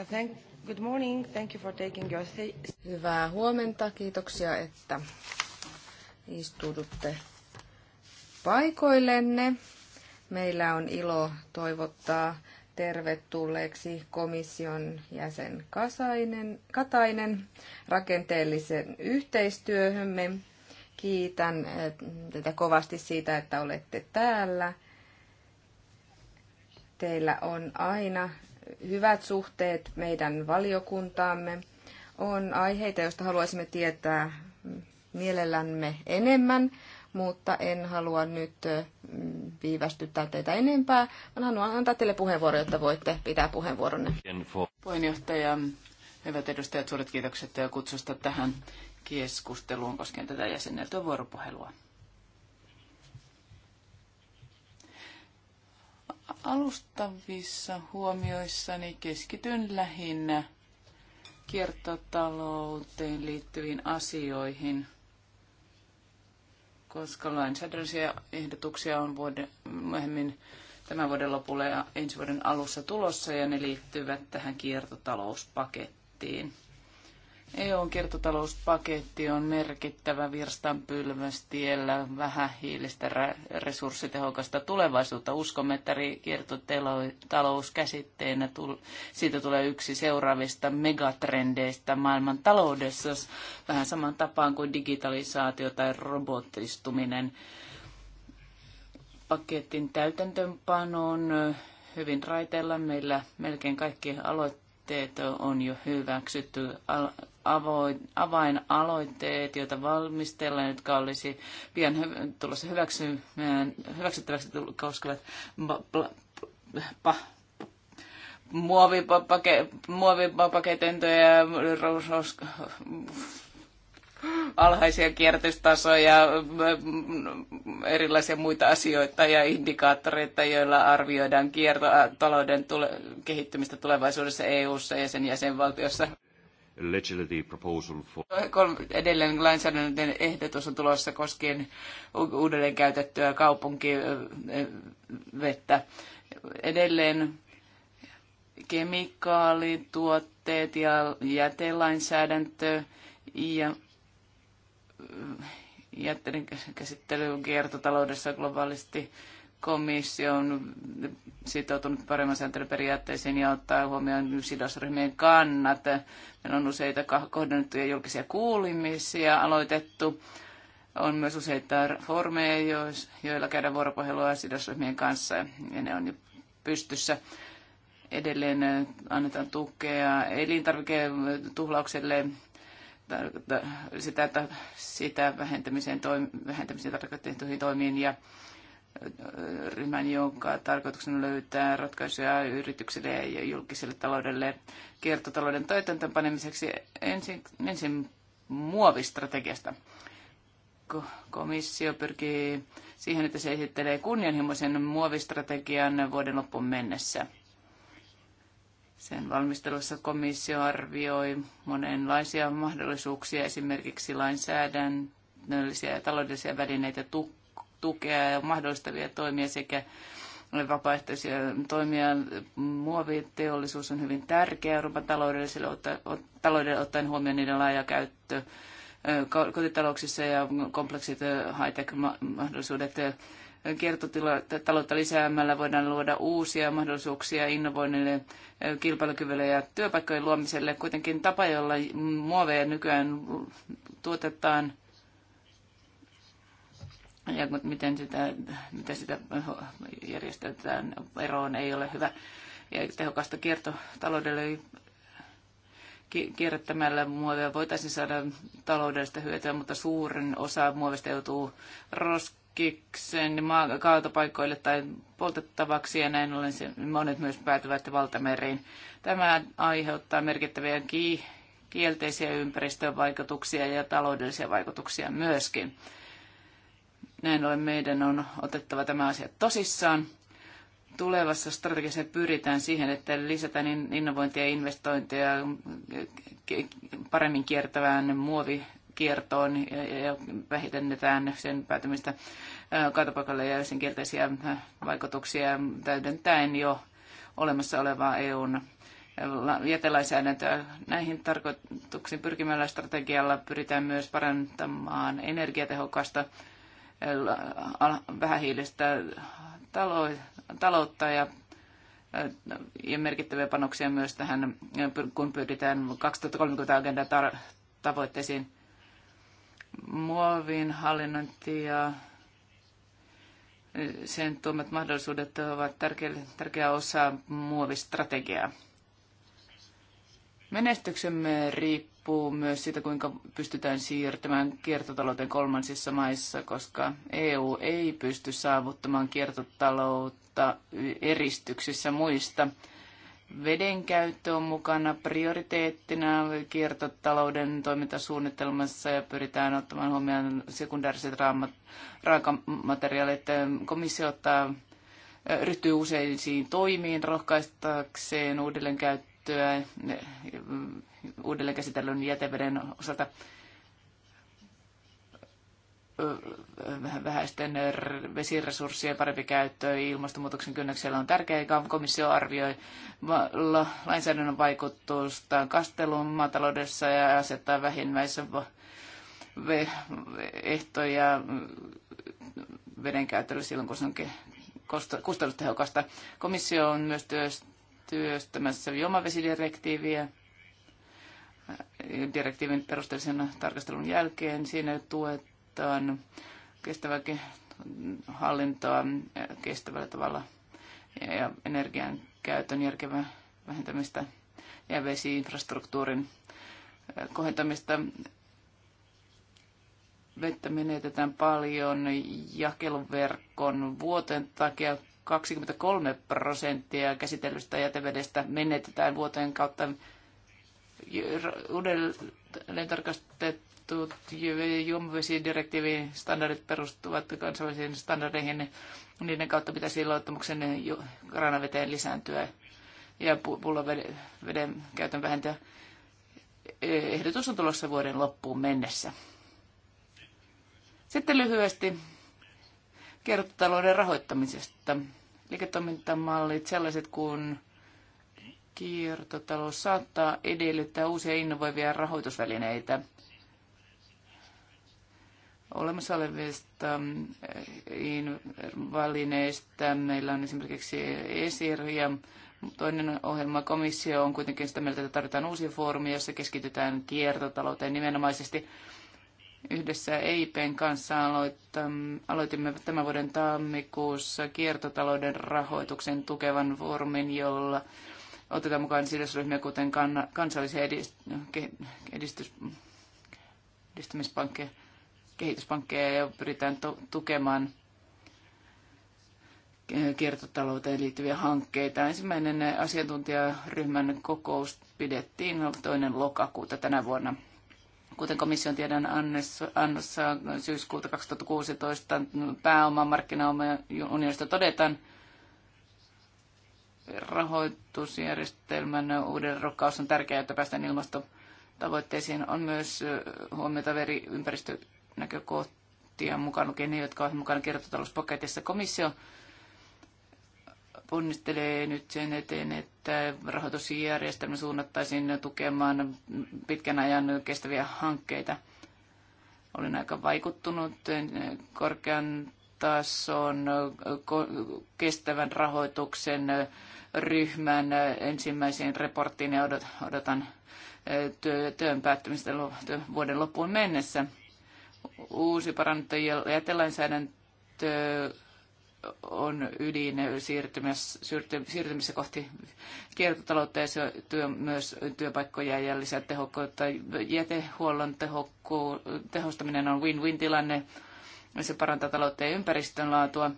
Uh, thank, good morning. Thank you for taking your Hyvää huomenta. Kiitoksia, että istuudutte paikoillenne. Meillä on ilo toivottaa tervetulleeksi komission jäsen Kasainen, Katainen rakenteellisen yhteistyöhömme. Kiitän eh, tätä kovasti siitä, että olette täällä. Teillä on aina hyvät suhteet meidän valiokuntaamme. On aiheita, joista haluaisimme tietää mielellämme enemmän, mutta en halua nyt viivästyttää teitä enempää, vaan haluan antaa teille puheenvuoro, jotta voitte pitää puheenvuoronne. Puheenjohtaja, hyvät edustajat, suuret kiitokset kutsusta tähän keskusteluun koskien tätä jäsenneltyä vuoropuhelua. Alustavissa huomioissani keskityn lähinnä kiertotalouteen liittyviin asioihin, koska lainsäädännöllisiä ehdotuksia on vuoden, myöhemmin tämän vuoden lopulla ja ensi vuoden alussa tulossa, ja ne liittyvät tähän kiertotalouspakettiin. EUn kiertotalouspaketti on merkittävä virstanpylväs tiellä vähähiilistä resurssitehokasta tulevaisuutta. Uskomme, että kiertotalous käsitteenä siitä tulee yksi seuraavista megatrendeistä maailman taloudessa vähän saman tapaan kuin digitalisaatio tai robotistuminen. Paketin on hyvin raiteilla meillä melkein kaikki aloitteet on jo hyväksytty avainaloitteet, joita valmistellaan, jotka olisi pian tulossa äh, hyväksyttäväksi koskevat muovipake, muovipaketentoja, alhaisia kierrätystasoja, mm, erilaisia muita asioita ja indikaattoreita, joilla arvioidaan kiertotalouden tule- kehittymistä tulevaisuudessa EU-ssa ja sen jäsenvaltiossa legislative proposal for... Edelleen lainsäädännön ehdotus on tulossa koskien uudelleen käytettyä kaupunkivettä. Edelleen kemikaalituotteet ja jätelainsäädäntö ja jätteiden käsittely kiertotaloudessa globaalisti komissio on sitoutunut paremman sääntelyn periaatteisiin ja ottaa huomioon sidosryhmien kannat. Meillä on useita kohdennettuja julkisia kuulimisia aloitettu. On myös useita formeja, joilla käydään vuoropuhelua sidosryhmien kanssa ja ne on jo pystyssä. Edelleen annetaan tukea elintarviketuhlaukselle sitä, sitä vähentämiseen, toim, vähentämiseen tarkoitettuihin toimiin ja ryhmän, jonka tarkoituksena löytää ratkaisuja yrityksille ja julkiselle taloudelle kiertotalouden toitantan panemiseksi ensin, ensin muovistrategiasta. Komissio pyrkii siihen, että se esittelee kunnianhimoisen muovistrategian vuoden loppuun mennessä. Sen valmistelussa komissio arvioi monenlaisia mahdollisuuksia, esimerkiksi lainsäädännöllisiä ja taloudellisia välineitä tukea tukea ja mahdollistavia toimia sekä vapaaehtoisia toimia. Muoviteollisuus on hyvin tärkeä Euroopan taloudelliselle otta, taloudelle ottaen huomioon niiden laaja käyttö kotitalouksissa ja kompleksit high-tech-mahdollisuudet kiertotaloutta lisäämällä voidaan luoda uusia mahdollisuuksia innovoinnille, kilpailukyvylle ja työpaikkojen luomiselle. Kuitenkin tapa, jolla muoveja nykyään tuotetaan, ja miten sitä, miten sitä järjestetään eroon ei ole hyvä ja tehokasta kiertotaloudelle kierrättämällä muovia voitaisiin saada taloudellista hyötyä, mutta suurin osa muovista joutuu roskikseen kaatopaikoille tai poltettavaksi ja näin ollen monet myös päätyvät valtameriin. Tämä aiheuttaa merkittäviä kielteisiä ympäristövaikutuksia ja taloudellisia vaikutuksia myöskin. Näin ollen meidän on otettava tämä asia tosissaan. Tulevassa strategiassa pyritään siihen, että lisätään innovointia ja investointeja paremmin kiertävään muovikiertoon ja vähitennetään sen päätymistä kaatopaikalle ja sen kielteisiä vaikutuksia täydentäen jo olemassa olevaa EUn jätelainsäädäntöä. Näihin tarkoituksiin pyrkimällä strategialla pyritään myös parantamaan energiatehokasta vähähiilistä taloutta ja ja merkittäviä panoksia myös tähän, kun pyritään 2030-agendan tavoitteisiin muovin hallinnointi ja sen tuomat mahdollisuudet ovat tärkeä, tärkeä osa muovistrategiaa. Menestyksemme riippuu myös siitä, kuinka pystytään siirtymään kiertotalouteen kolmansissa maissa, koska EU ei pysty saavuttamaan kiertotaloutta eristyksissä muista. Vedenkäyttö on mukana prioriteettina kiertotalouden toimintasuunnitelmassa ja pyritään ottamaan huomioon sekundääriset raakamateriaalit. Komissio ottaa, ryhtyy useisiin toimiin rohkaistakseen uudelleenkäyttöön käyttöä uudelleen käsitellyn jäteveden osalta vähäisten vesiresurssien parempi käyttö ilmastonmuutoksen kynnyksellä on tärkeää, joka komissio arvioi lainsäädännön vaikutusta kastelun maataloudessa ja asettaa vähimmäisen ehtoja veden käytölle silloin, kun se on kustannustehokasta. Komissio on myös työstämässä juomavesidirektiiviä direktiivin perusteellisen tarkastelun jälkeen. Siinä tuetaan kestävää hallintoa kestävällä tavalla ja energian käytön järkevää vähentämistä ja vesiinfrastruktuurin kohentamista. Vettä menetetään paljon jakeluverkon vuoteen takia 23 prosenttia käsitellystä jätevedestä menetetään vuoteen kautta uudelleen tarkastetut juomavesidirektiivin standardit perustuvat kansallisiin standardeihin. Niiden kautta pitäisi luottamuksen kranaveteen lisääntyä ja pulloveden veden käytön vähentää. E- ehdotus on tulossa vuoden loppuun mennessä. Sitten lyhyesti kiertotalouden rahoittamisesta. Liiketoimintamallit sellaiset kuin kiertotalous saattaa edellyttää uusia innovoivia rahoitusvälineitä olemassa olevista eh, välineistä. Meillä on esimerkiksi ESIR ja toinen ohjelma komissio on kuitenkin sitä mieltä, että tarvitaan uusi foorumi, jossa keskitytään kiertotalouteen nimenomaisesti. Yhdessä EIPn kanssa aloitimme tämän vuoden tammikuussa kiertotalouden rahoituksen tukevan foorumin, jolla otetaan mukaan sidosryhmiä, kuten kansallisia edistys, kehityspankkeja ja pyritään tukemaan kiertotalouteen liittyviä hankkeita. Ensimmäinen asiantuntijaryhmän kokous pidettiin toinen lokakuuta tänä vuonna kuten komission tiedon annossa syyskuuta 2016 pääomamarkkinaunionista todetaan, rahoitusjärjestelmän uuden rokkaus on tärkeää, että päästään ilmastotavoitteisiin. On myös huomiota veri ympäristönäkökohtia mukaan lukien ne, jotka ovat mukana kiertotalouspaketissa. Komissio ponnistelee nyt sen eteen, että rahoitusjärjestelmä suunnattaisiin tukemaan pitkän ajan kestäviä hankkeita. Olin aika vaikuttunut korkean tason kestävän rahoituksen ryhmän ensimmäiseen raporttiin ja odotan eh, työn päättymistä vuoden loppuun mennessä. Uusi parannettu jätelainsäädäntö on ydin siirtymässä, kohti kiertotaloutta ja se työ, myös työpaikkoja ja lisää tehokkuutta. Jätehuollon tehokku, tehostaminen on win-win tilanne. Se parantaa taloutta ja ympäristön laatua.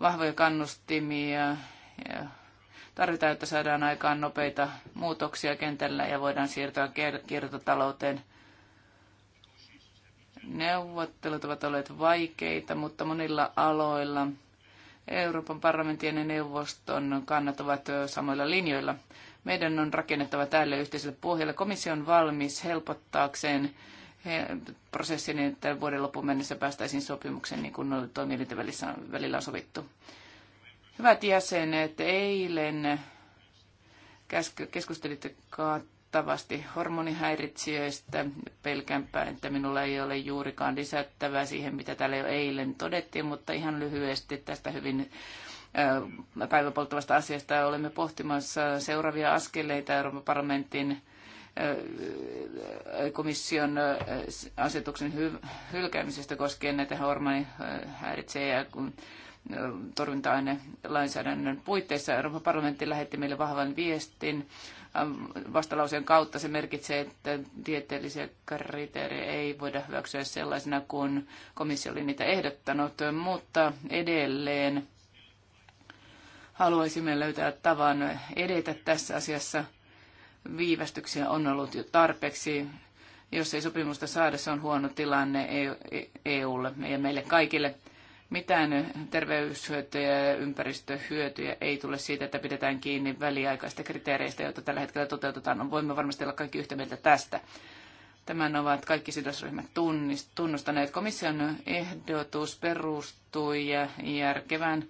Vahvoja kannustimia ja tarvitaan, että saadaan aikaan nopeita muutoksia kentällä ja voidaan siirtyä kiertotalouteen neuvottelut ovat olleet vaikeita, mutta monilla aloilla Euroopan parlamentin ja neuvoston kannat ovat samoilla linjoilla. Meidän on rakennettava tälle yhteiselle pohjalle. Komissio on valmis helpottaakseen prosessin, että vuoden lopun mennessä päästäisiin sopimukseen, niin kuin toimielinten välillä on sovittu. Hyvät jäsenet, eilen keskustelitte huomattavasti hormonihäiritsijöistä. Pelkäänpä, että minulla ei ole juurikaan lisättävää siihen, mitä täällä jo eilen todettiin, mutta ihan lyhyesti tästä hyvin äh, päiväpolttavasta asiasta olemme pohtimassa seuraavia askeleita Euroopan parlamentin äh, komission äh, asetuksen hylkäämisestä koskien näitä hormonihäiritsejä, kun torjunta lainsäädännön puitteissa Euroopan parlamentti lähetti meille vahvan viestin vastalauseen kautta. Se merkitsee, että tieteellisiä kriteerejä ei voida hyväksyä sellaisena kuin komissio oli niitä ehdottanut, mutta edelleen haluaisimme löytää tavan edetä tässä asiassa. Viivästyksiä on ollut jo tarpeeksi. Jos ei sopimusta saada, se on huono tilanne e- e- EUlle ja meille kaikille. Mitään terveyshyötyjä ja ympäristöhyötyjä ei tule siitä, että pidetään kiinni väliaikaista kriteereistä, joita tällä hetkellä toteutetaan. Voimme varmasti olla kaikki yhtä mieltä tästä. Tämän ovat kaikki sidosryhmät tunnustaneet. Komission ehdotus perustui järkevään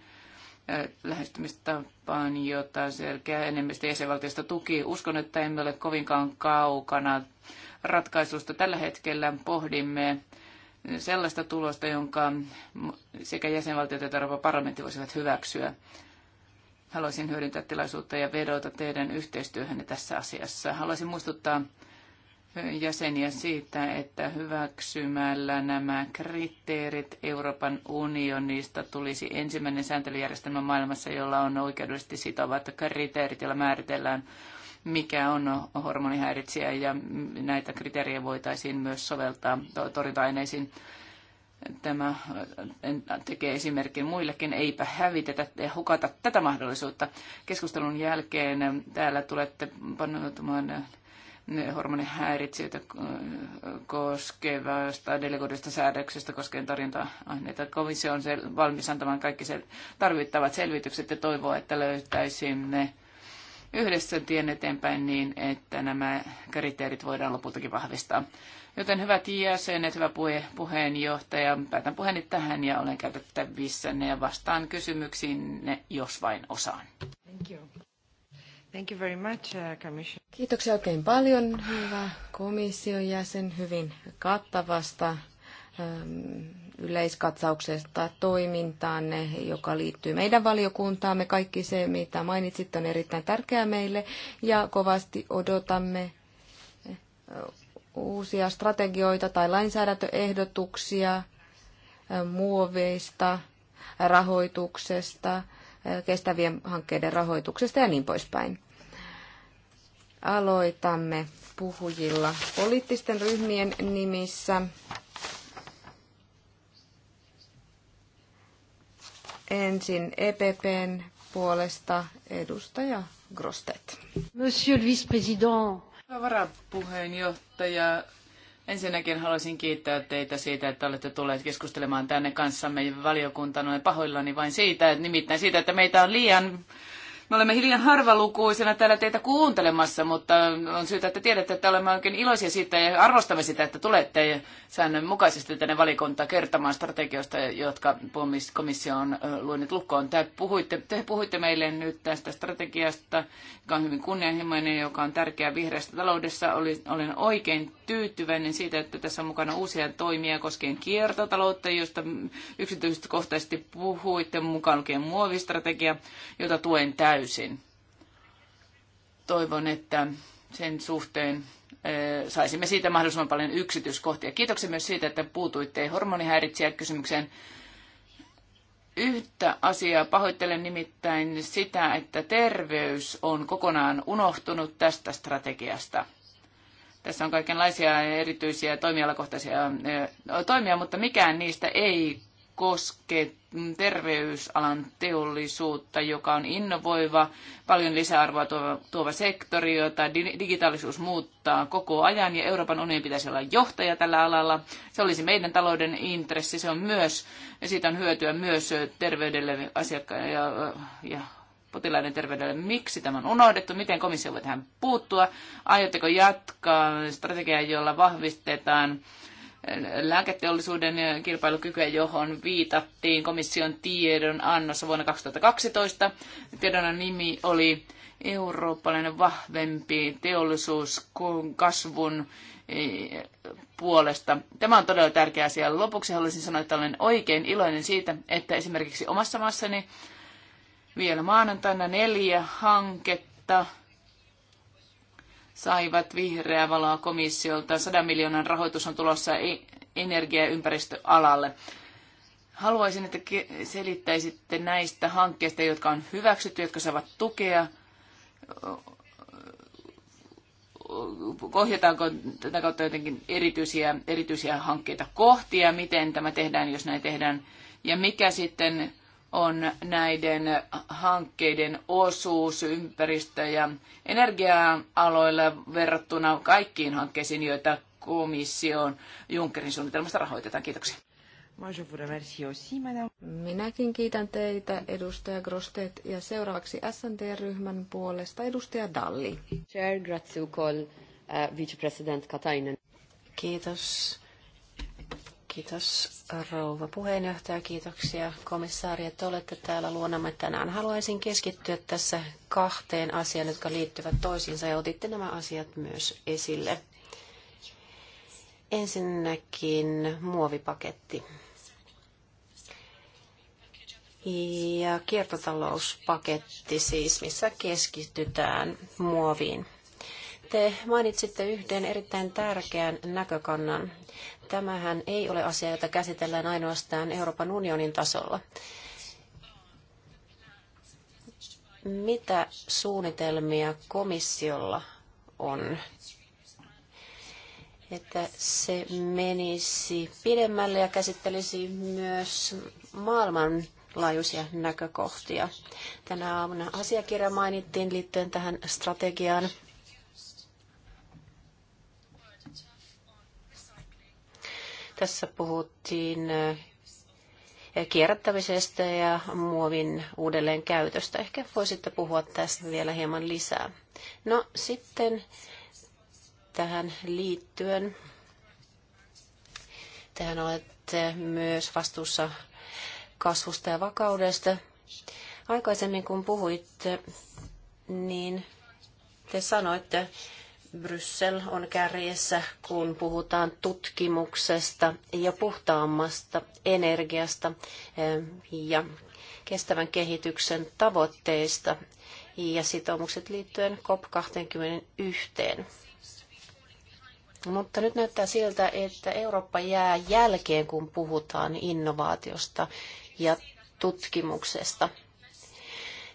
lähestymistapaan, jota selkeä enemmistö jäsenvaltiosta tuki. Uskon, että emme ole kovinkaan kaukana ratkaisusta. Tällä hetkellä pohdimme sellaista tulosta, jonka sekä jäsenvaltiot että Euroopan parlamentti voisivat hyväksyä. Haluaisin hyödyntää tilaisuutta ja vedota teidän yhteistyöhönne tässä asiassa. Haluaisin muistuttaa jäseniä siitä, että hyväksymällä nämä kriteerit Euroopan unionista tulisi ensimmäinen sääntelyjärjestelmä maailmassa, jolla on oikeudellisesti sitovat kriteerit, joilla määritellään mikä on hormonihäiritsijä ja näitä kriteerejä voitaisiin myös soveltaa torjunta-aineisiin. Tämä tekee esimerkin muillekin, eipä hävitetä ja hukata tätä mahdollisuutta. Keskustelun jälkeen täällä tulette paneutumaan hormonihäiritsijöitä koskevasta delegoidusta säädöksestä koskien torjunta-aineita. Komissio on valmis antamaan kaikki tarvittavat selvitykset ja toivoo, että löytäisimme yhdessä tien eteenpäin niin, että nämä kriteerit voidaan lopultakin vahvistaa. Joten hyvät jäsenet, hyvä puheenjohtaja, päätän puheeni tähän ja olen käytettävissänne ja vastaan kysymyksiin, jos vain osaan. Thank you. Thank you very much, uh, Kiitoksia oikein paljon, hyvä komission jäsen, hyvin kattavasta ähm, yleiskatsauksesta toimintaanne, joka liittyy meidän valiokuntaamme. Kaikki se, mitä mainitsit, on erittäin tärkeää meille ja kovasti odotamme eh, uusia strategioita tai lainsäädäntöehdotuksia eh, muoveista, rahoituksesta, eh, kestävien hankkeiden rahoituksesta ja niin poispäin. Aloitamme puhujilla poliittisten ryhmien nimissä. Ensin EPPn puolesta edustaja Grostet. Monsieur le vice-président. Varapuheenjohtaja, ensinnäkin haluaisin kiittää teitä siitä, että olette tulleet keskustelemaan tänne kanssamme valiokuntana. Olen pahoillani vain siitä, että nimittäin siitä, että meitä on liian me olemme hiljan harvalukuisena täällä teitä kuuntelemassa, mutta on syytä, että tiedätte, että olemme oikein iloisia siitä ja arvostamme sitä, että tulette säännönmukaisesti tänne valikuntaan kertomaan strategioista, jotka komissio on luonut lukkoon. Te puhuitte, te puhuitte meille nyt tästä strategiasta, joka on hyvin kunnianhimoinen, joka on tärkeä vihreässä taloudessa. Olen oikein tyytyväinen siitä, että tässä on mukana uusia toimia koskien kiertotaloutta, josta yksityiskohtaisesti puhuitte mukaan lukien muovistrategia, jota tuen täysin täysin. Toivon, että sen suhteen saisimme siitä mahdollisimman paljon yksityiskohtia. Kiitoksia myös siitä, että puutuitte kysymykseen Yhtä asiaa pahoittelen nimittäin sitä, että terveys on kokonaan unohtunut tästä strategiasta. Tässä on kaikenlaisia erityisiä toimialakohtaisia toimia, mutta mikään niistä ei koske terveysalan teollisuutta, joka on innovoiva, paljon lisäarvoa tuova, tuova sektori, jota digitaalisuus muuttaa koko ajan, ja Euroopan unionin pitäisi olla johtaja tällä alalla. Se olisi meidän talouden intressi, se on myös, ja siitä on hyötyä myös terveydelle asiakkaille ja, ja potilaiden terveydelle. Miksi tämä on unohdettu? Miten komissio voi tähän puuttua? Aiotteko jatkaa strategiaa, jolla vahvistetaan lääketeollisuuden kilpailukykyä, johon viitattiin komission tiedon annossa vuonna 2012. Tiedon nimi oli eurooppalainen vahvempi teollisuuskasvun e, puolesta. Tämä on todella tärkeä asia. Lopuksi haluaisin sanoa, että olen oikein iloinen siitä, että esimerkiksi omassa maassani vielä maanantaina neljä hanketta saivat vihreää valoa komissiolta. 100 miljoonan rahoitus on tulossa e- energia- ja ympäristöalalle. Haluaisin, että selittäisitte näistä hankkeista, jotka on hyväksytty, jotka saavat tukea. Ohjataanko tätä kautta jotenkin erityisiä, erityisiä hankkeita kohti ja miten tämä tehdään, jos näin tehdään? Ja mikä sitten on näiden hankkeiden osuus ympäristö- ja energia-aloilla verrattuna kaikkiin hankkeisiin, joita komission Junckerin suunnitelmasta rahoitetaan. Kiitoksia. Minäkin kiitän teitä, edustaja Grostet, ja seuraavaksi st ryhmän puolesta edustaja Dalli. Chair uh, Kiitos Kiitos rouva puheenjohtaja, kiitoksia komissaari, että olette täällä luonamme tänään. Haluaisin keskittyä tässä kahteen asiaan, jotka liittyvät toisiinsa ja otitte nämä asiat myös esille. Ensinnäkin muovipaketti ja kiertotalouspaketti siis, missä keskitytään muoviin. Te mainitsitte yhden erittäin tärkeän näkökannan. Tämähän ei ole asia, jota käsitellään ainoastaan Euroopan unionin tasolla. Mitä suunnitelmia komissiolla on että se menisi pidemmälle ja käsittelisi myös maailmanlaajuisia näkökohtia. Tänä aamuna asiakirja mainittiin liittyen tähän strategiaan. Tässä puhuttiin kierrättämisestä ja muovin uudelleen käytöstä. Ehkä voisitte puhua tästä vielä hieman lisää. No sitten tähän liittyen. tähän olette myös vastuussa kasvusta ja vakaudesta. Aikaisemmin kun puhuitte, niin te sanoitte, Bryssel on kärjessä, kun puhutaan tutkimuksesta ja puhtaammasta energiasta eh, ja kestävän kehityksen tavoitteista ja sitoumukset liittyen COP21. Mutta nyt näyttää siltä, että Eurooppa jää jälkeen, kun puhutaan innovaatiosta ja tutkimuksesta.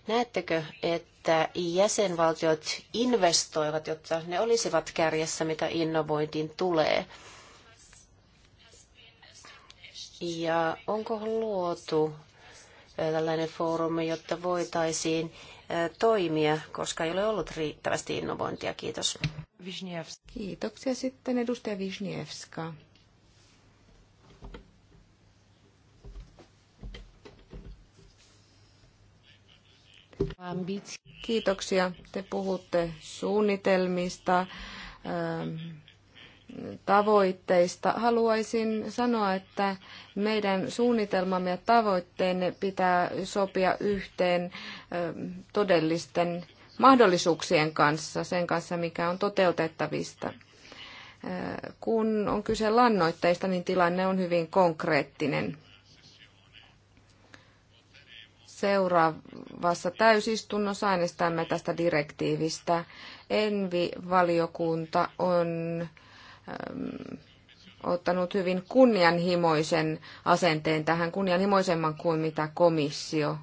Näettekö, että jäsenvaltiot investoivat, jotta ne olisivat kärjessä, mitä innovointiin tulee? Ja onko luotu tällainen foorumi, jotta voitaisiin toimia, koska ei ole ollut riittävästi innovointia? Kiitos. Kiitoksia sitten edustaja Visnievska. Kiitoksia. Te puhutte suunnitelmista, ähm, tavoitteista. Haluaisin sanoa, että meidän suunnitelmamme ja tavoitteenne pitää sopia yhteen ähm, todellisten mahdollisuuksien kanssa, sen kanssa, mikä on toteutettavista. Äh, kun on kyse lannoitteista, niin tilanne on hyvin konkreettinen. Seuraavassa täysistunnossa äänestämme tästä direktiivistä. Envi-valiokunta on ähm, ottanut hyvin kunnianhimoisen asenteen tähän, kunnianhimoisemman kuin mitä komissio,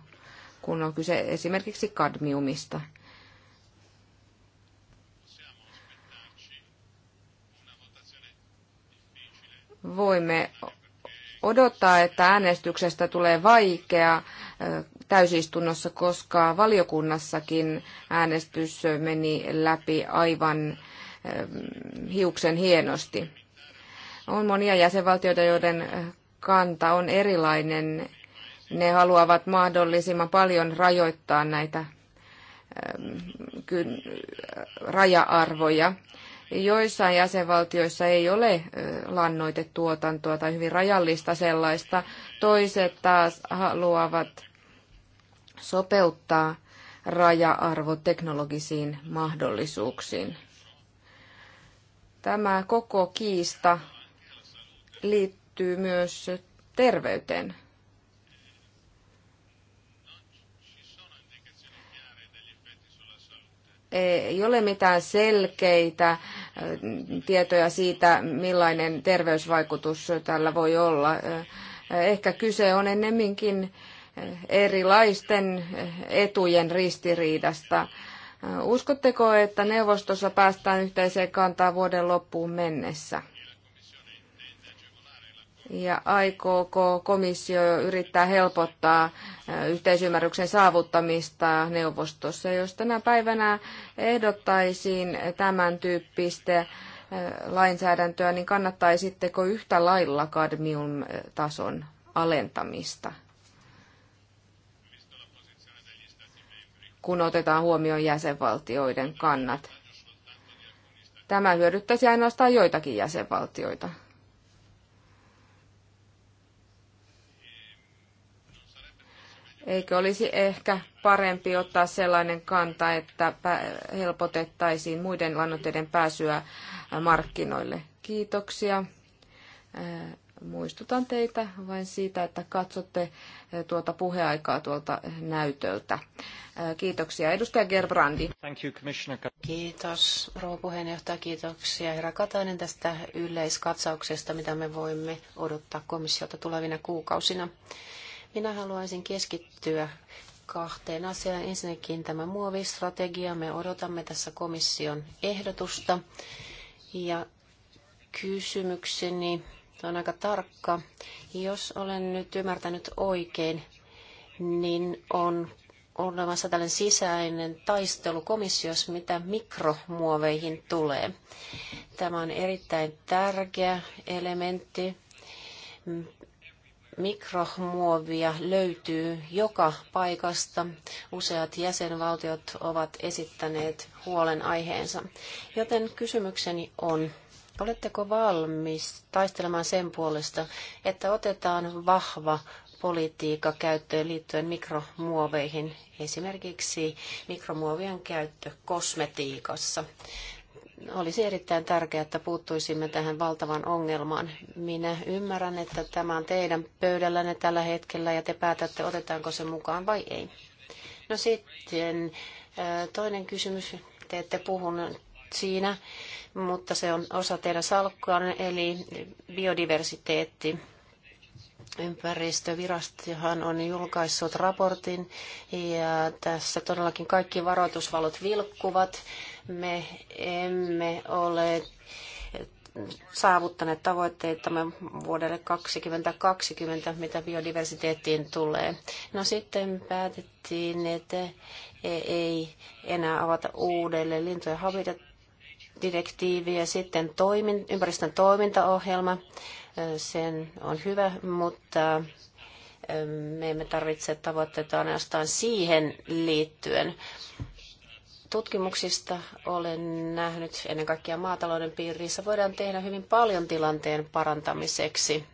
kun on kyse esimerkiksi kadmiumista. voimme odottaa, että äänestyksestä tulee vaikea äh, täysistunnossa, koska valiokunnassakin äänestys meni läpi aivan ähm, hiuksen hienosti. On monia jäsenvaltioita, joiden kanta on erilainen. Ne haluavat mahdollisimman paljon rajoittaa näitä ähm, raja-arvoja. Joissain jäsenvaltioissa ei ole äh, lannoitetuotantoa tai hyvin rajallista sellaista. Toiset taas haluavat sopeuttaa raja-arvo teknologisiin mahdollisuuksiin. Tämä koko kiista liittyy myös terveyteen. ei ole mitään selkeitä äh, tietoja siitä, millainen terveysvaikutus tällä voi olla. Äh, ehkä kyse on ennemminkin erilaisten etujen ristiriidasta. Uskotteko, että neuvostossa päästään yhteiseen kantaan vuoden loppuun mennessä? Ja aikooko komissio yrittää helpottaa yhteisymmärryksen saavuttamista neuvostossa, jos tänä päivänä ehdottaisiin tämän tyyppistä lainsäädäntöä, niin kannattaisitteko yhtä lailla kadmium-tason alentamista? kun otetaan huomioon jäsenvaltioiden kannat. Tämä hyödyttäisi ainoastaan joitakin jäsenvaltioita. Eikö olisi ehkä parempi ottaa sellainen kanta, että helpotettaisiin muiden lannoitteiden pääsyä markkinoille? Kiitoksia. Muistutan teitä vain siitä, että katsotte eh, tuota puheaikaa tuolta näytöltä. Eh, kiitoksia. Edustaja Gerbrandi. Thank you, Commissioner. Kiitos, rouva puheenjohtaja. Kiitoksia herra Katainen tästä yleiskatsauksesta, mitä me voimme odottaa komissiolta tulevina kuukausina. Minä haluaisin keskittyä kahteen asiaan. Ensinnäkin tämä muovistrategia. Me odotamme tässä komission ehdotusta. Ja kysymykseni se on aika tarkka. Jos olen nyt ymmärtänyt oikein, niin on olemassa tällainen sisäinen taistelu komissiossa, mitä mikromuoveihin tulee. Tämä on erittäin tärkeä elementti. Mikromuovia löytyy joka paikasta. Useat jäsenvaltiot ovat esittäneet huolenaiheensa. Joten kysymykseni on, Oletteko valmis taistelemaan sen puolesta, että otetaan vahva politiikka käyttöön liittyen mikromuoveihin, esimerkiksi mikromuovien käyttö kosmetiikassa? olisi erittäin tärkeää, että puuttuisimme tähän valtavan ongelmaan. Minä ymmärrän, että tämä on teidän pöydällänne tällä hetkellä ja te päätätte, otetaanko se mukaan vai ei. No sitten toinen kysymys. Te ette puhunut siinä, mutta se on osa teidän salkkuanne, eli biodiversiteetti. Ympäristövirastohan on julkaissut raportin ja tässä todellakin kaikki varoitusvalot vilkkuvat. Me emme ole saavuttaneet tavoitteitamme vuodelle 2020, mitä biodiversiteettiin tulee. No sitten päätettiin, että ei enää avata uudelleen lintujen habitat direktiivi ja sitten toimin, ympäristön toimintaohjelma. Sen on hyvä, mutta me emme tarvitse tavoitteita ainoastaan siihen liittyen. Tutkimuksista olen nähnyt ennen kaikkea maatalouden piirissä voidaan tehdä hyvin paljon tilanteen parantamiseksi,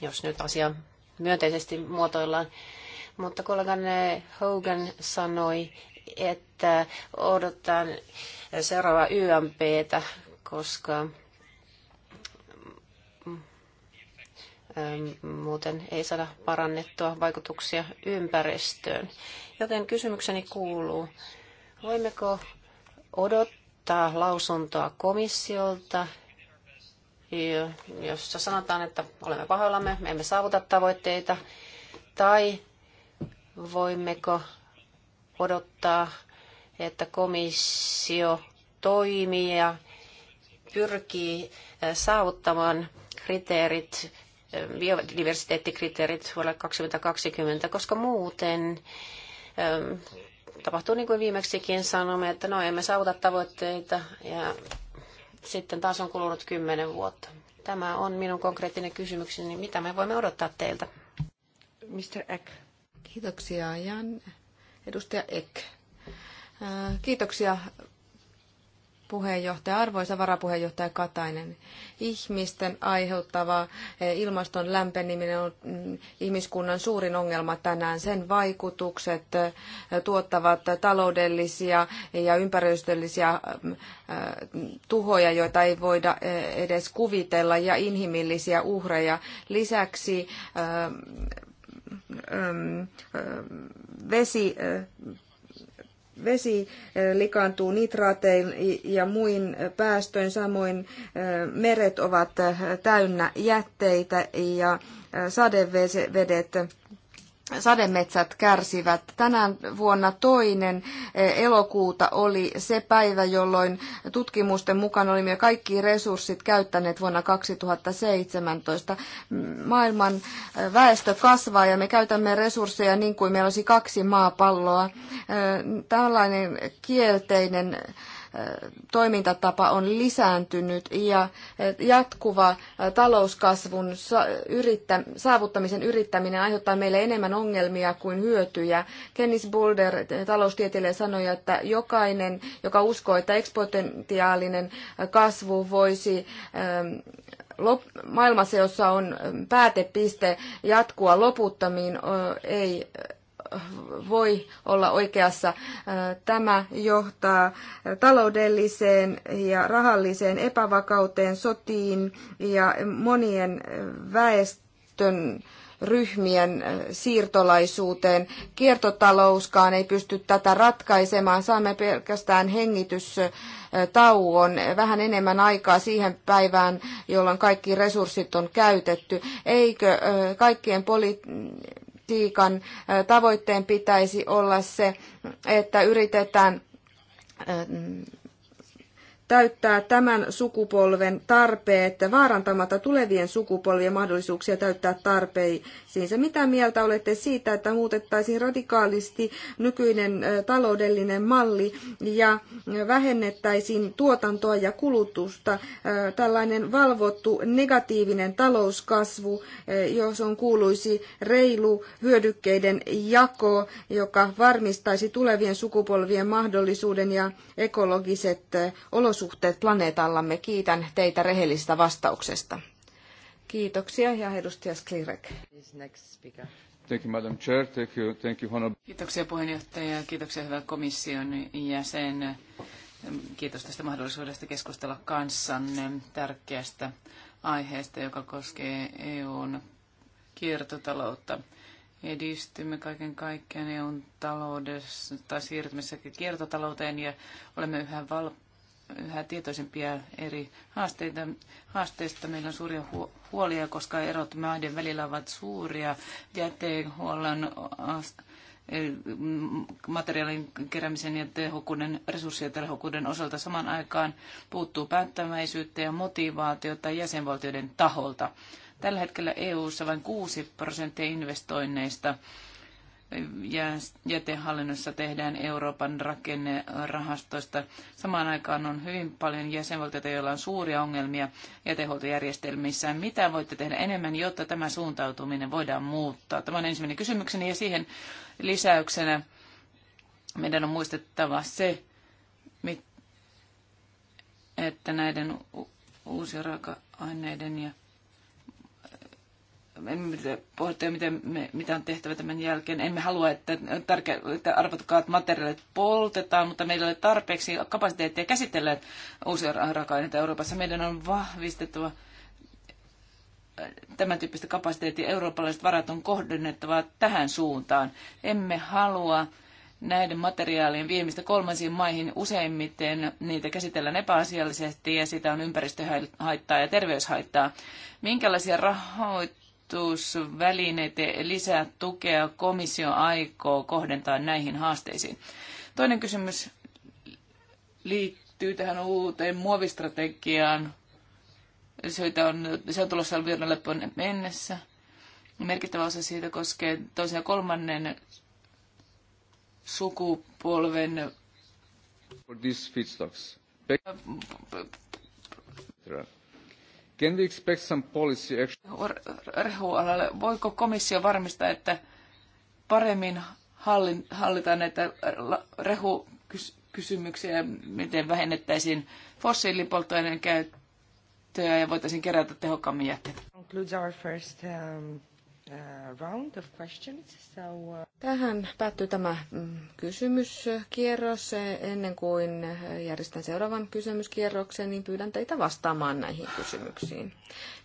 jos nyt asia myönteisesti muotoillaan. Mutta kollegan Hogan sanoi, että odotan seuraavaa YMPtä, koska ähm, muuten ei saada parannettua vaikutuksia ympäristöön. Joten kysymykseni kuuluu, voimmeko odottaa lausuntoa komissiolta, jossa sanotaan, että olemme pahoillamme, me emme saavuta tavoitteita, tai voimmeko odottaa, että komissio toimii ja pyrkii saavuttamaan kriteerit, biodiversiteettikriteerit vuodelle 2020, koska muuten tapahtuu niin kuin viimeksikin sanomme, että no emme saavuta tavoitteita ja sitten taas on kulunut kymmenen vuotta. Tämä on minun konkreettinen kysymykseni, mitä me voimme odottaa teiltä. Mr. Eck. Kiitoksia Jan. Edustaja Ek. Äh, kiitoksia puheenjohtaja, arvoisa varapuheenjohtaja Katainen. Ihmisten aiheuttava eh, ilmaston lämpeneminen on mm, ihmiskunnan suurin ongelma tänään. Sen vaikutukset eh, tuottavat taloudellisia ja ympäristöllisiä mm, eh, tuhoja, joita ei voida edes kuvitella, ja inhimillisiä uhreja. Lisäksi Ähm, äh, vesi äh, vesi äh, likaantuu nitraatein ja muin päästöin, samoin meret ovat täynnä jätteitä ja sadevedet sademetsät kärsivät. Tänään vuonna toinen eh, elokuuta oli se päivä, jolloin tutkimusten mukaan olimme kaikki resurssit käyttäneet vuonna 2017. Maailman eh, väestö kasvaa ja me käytämme resursseja niin kuin meillä olisi kaksi maapalloa. Eh, tällainen kielteinen toimintatapa on lisääntynyt ja jatkuva talouskasvun saavuttamisen yrittäminen aiheuttaa meille enemmän ongelmia kuin hyötyjä. Kennis Boulder, taloustieteilijä, sanoi, että jokainen, joka uskoo, että eksponentiaalinen kasvu voisi ähm, maailmassa, jossa on päätepiste jatkua loputtamiin, ei voi olla oikeassa. Tämä johtaa taloudelliseen ja rahalliseen epävakauteen, sotiin ja monien väestön ryhmien siirtolaisuuteen. Kiertotalouskaan ei pysty tätä ratkaisemaan. Saamme pelkästään hengitystauon, vähän enemmän aikaa siihen päivään, jolloin kaikki resurssit on käytetty. Eikö kaikkien poli- politiikan tavoitteen pitäisi olla se, että yritetään täyttää tämän sukupolven tarpeet vaarantamatta tulevien sukupolvien mahdollisuuksia täyttää tarpeisiinsa. Mitä mieltä olette siitä, että muutettaisiin radikaalisti nykyinen taloudellinen malli ja vähennettäisiin tuotantoa ja kulutusta? Tällainen valvottu negatiivinen talouskasvu, jos on kuuluisi reilu hyödykkeiden jako, joka varmistaisi tulevien sukupolvien mahdollisuuden ja ekologiset olosuhteet olosuhteet planeetallamme. Kiitän teitä rehellisestä vastauksesta. Kiitoksia ja edustaja Sklirek. Thank you, Madam Chair. Thank you, thank you, Kiitoksia puheenjohtaja. Kiitoksia hyvä komission jäsen. Kiitos tästä mahdollisuudesta keskustella kanssanne tärkeästä aiheesta, joka koskee EUn kiertotaloutta. Edistymme kaiken kaikkiaan EUn taloudessa tai siirtymässä kiertotalouteen ja olemme yhä valppaita yhä tietoisempia eri haasteita. haasteista. Meillä on suuria huolia, koska erot maiden välillä ovat suuria. Jätehuollon e, materiaalin keräämisen ja tehokkuuden, resurssien tehokkuuden osalta saman aikaan puuttuu päättäväisyyttä ja motivaatiota jäsenvaltioiden taholta. Tällä hetkellä EU:ssa vain 6 prosenttia investoinneista jätehallinnossa tehdään Euroopan rakennerahastoista. Samaan aikaan on hyvin paljon jäsenvaltioita, joilla on suuria ongelmia jätehuoltojärjestelmissä. Mitä voitte tehdä enemmän, jotta tämä suuntautuminen voidaan muuttaa? Tämä on ensimmäinen kysymykseni ja siihen lisäyksenä meidän on muistettava se, että näiden uusien raaka-aineiden ja pohtia, miten me, mitä on tehtävä tämän jälkeen. Emme halua, että, tärke, että arvotkaat materiaalit poltetaan, mutta meillä ei ole tarpeeksi kapasiteettia käsitellä uusia raaka-aineita Euroopassa. Meidän on vahvistettava äh, tämän tyyppistä kapasiteettia. Eurooppalaiset varat on kohdennettava tähän suuntaan. Emme halua näiden materiaalien viemistä kolmansiin maihin useimmiten niitä käsitellään epäasiallisesti ja sitä on ympäristöhaittaa ja terveyshaittaa. Minkälaisia rahoit- rahoitusvälineet ja lisää tukea komissio aikoo kohdentaa näihin haasteisiin? Toinen kysymys liittyy tähän uuteen muovistrategiaan. Siitä on, se on tulossa vuoden loppuun mennessä. Merkittävä osa siitä koskee ja kolmannen sukupolven for these feedstocks. Can we expect some policy action? Rehualalle. Voiko komissio varmistaa, että paremmin hallin, hallitaan näitä rehukysymyksiä, miten vähennettäisiin fossiilipolttoaineen käyttöä ja voitaisiin kerätä tehokkaammin jätteitä? Concludes our first, um... Uh, round of questions. So, uh... Tähän päättyy tämä mm, kysymyskierros. Ennen kuin järjestän seuraavan kysymyskierroksen, niin pyydän teitä vastaamaan näihin kysymyksiin.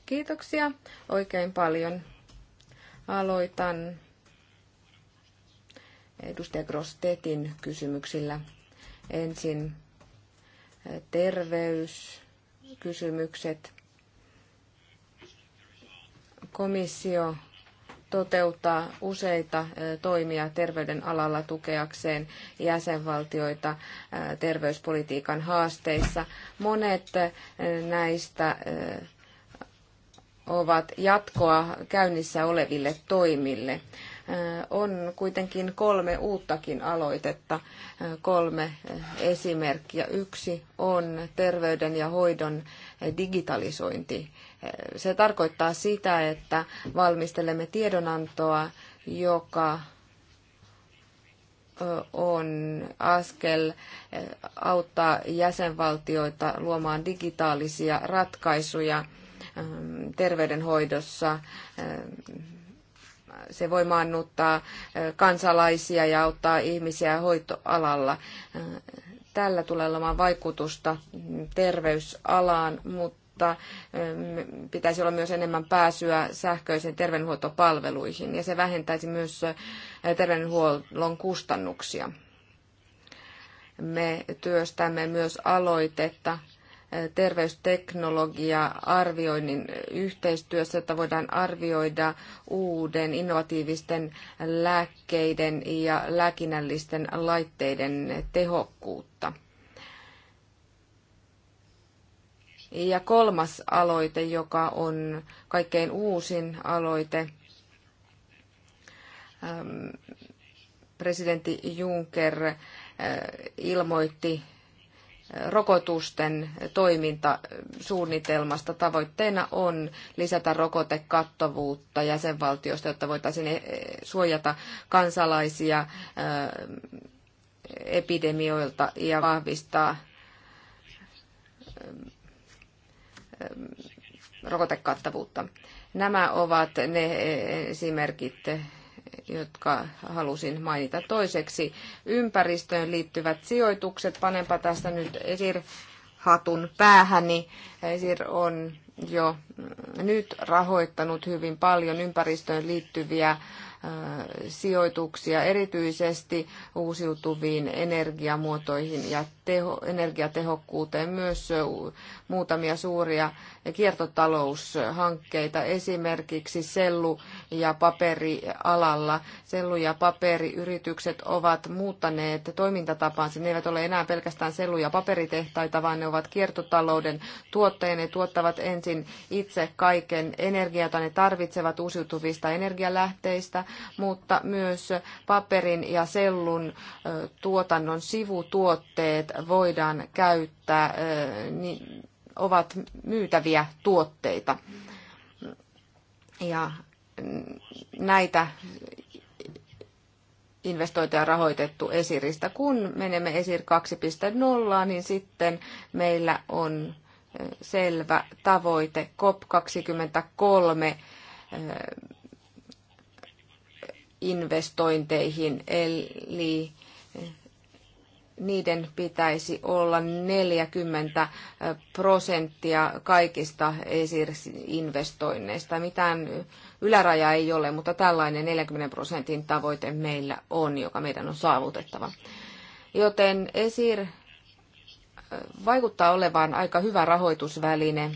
Kiitoksia oikein paljon. Aloitan edustaja Grostetin kysymyksillä. Ensin eh, terveyskysymykset. Komissio toteuttaa useita toimia terveyden alalla tukeakseen jäsenvaltioita terveyspolitiikan haasteissa. Monet näistä ovat jatkoa käynnissä oleville toimille. On kuitenkin kolme uuttakin aloitetta, kolme esimerkkiä. Yksi on terveyden ja hoidon digitalisointi se tarkoittaa sitä, että valmistelemme tiedonantoa, joka on askel auttaa jäsenvaltioita luomaan digitaalisia ratkaisuja terveydenhoidossa. Se voi maannuttaa kansalaisia ja auttaa ihmisiä hoitoalalla. Tällä tulee olemaan vaikutusta terveysalaan, mutta mutta ähm, pitäisi olla myös enemmän pääsyä sähköisen terveydenhuoltopalveluihin ja se vähentäisi myös äh, terveydenhuollon kustannuksia. Me työstämme myös aloitetta äh, terveysteknologia-arvioinnin yhteistyössä, että voidaan arvioida uuden innovatiivisten lääkkeiden ja lääkinnällisten laitteiden tehokkuutta. Ja kolmas aloite, joka on kaikkein uusin aloite, ähm, presidentti Juncker äh, ilmoitti äh, rokotusten toimintasuunnitelmasta. Tavoitteena on lisätä rokotekattavuutta jäsenvaltiosta, jotta voitaisiin äh, suojata kansalaisia epidemioilta ja vahvistaa Eh, rokotekattavuutta. Nämä ovat ne eh, esimerkit, jotka halusin mainita toiseksi. Ympäristöön liittyvät sijoitukset. Panenpa tästä nyt Esir-hatun päähäni. Esir on jo nyt rahoittanut hyvin paljon ympäristöön liittyviä sijoituksia erityisesti uusiutuviin energiamuotoihin ja teho, energiatehokkuuteen myös muutamia suuria kiertotaloushankkeita esimerkiksi sellu- ja paperialalla. Sellu- ja paperiyritykset ovat muuttaneet toimintatapaansa. Ne eivät ole enää pelkästään sellu- ja paperitehtaita, vaan ne ovat kiertotalouden tuotteja. Ne tuottavat ensin itse kaiken energiaa, jota ne tarvitsevat uusiutuvista energialähteistä, mutta myös paperin ja sellun tuotannon sivutuotteet voidaan käyttää ovat myytäviä tuotteita. Ja näitä investointeja rahoitettu Esiristä. Kun menemme Esir 2.0, niin sitten meillä on selvä tavoite COP23 investointeihin, eli niiden pitäisi olla 40 prosenttia kaikista investoinneista. Mitään yläraja ei ole, mutta tällainen 40 prosentin tavoite meillä on, joka meidän on saavutettava. Joten ESIR vaikuttaa olevan aika hyvä rahoitusväline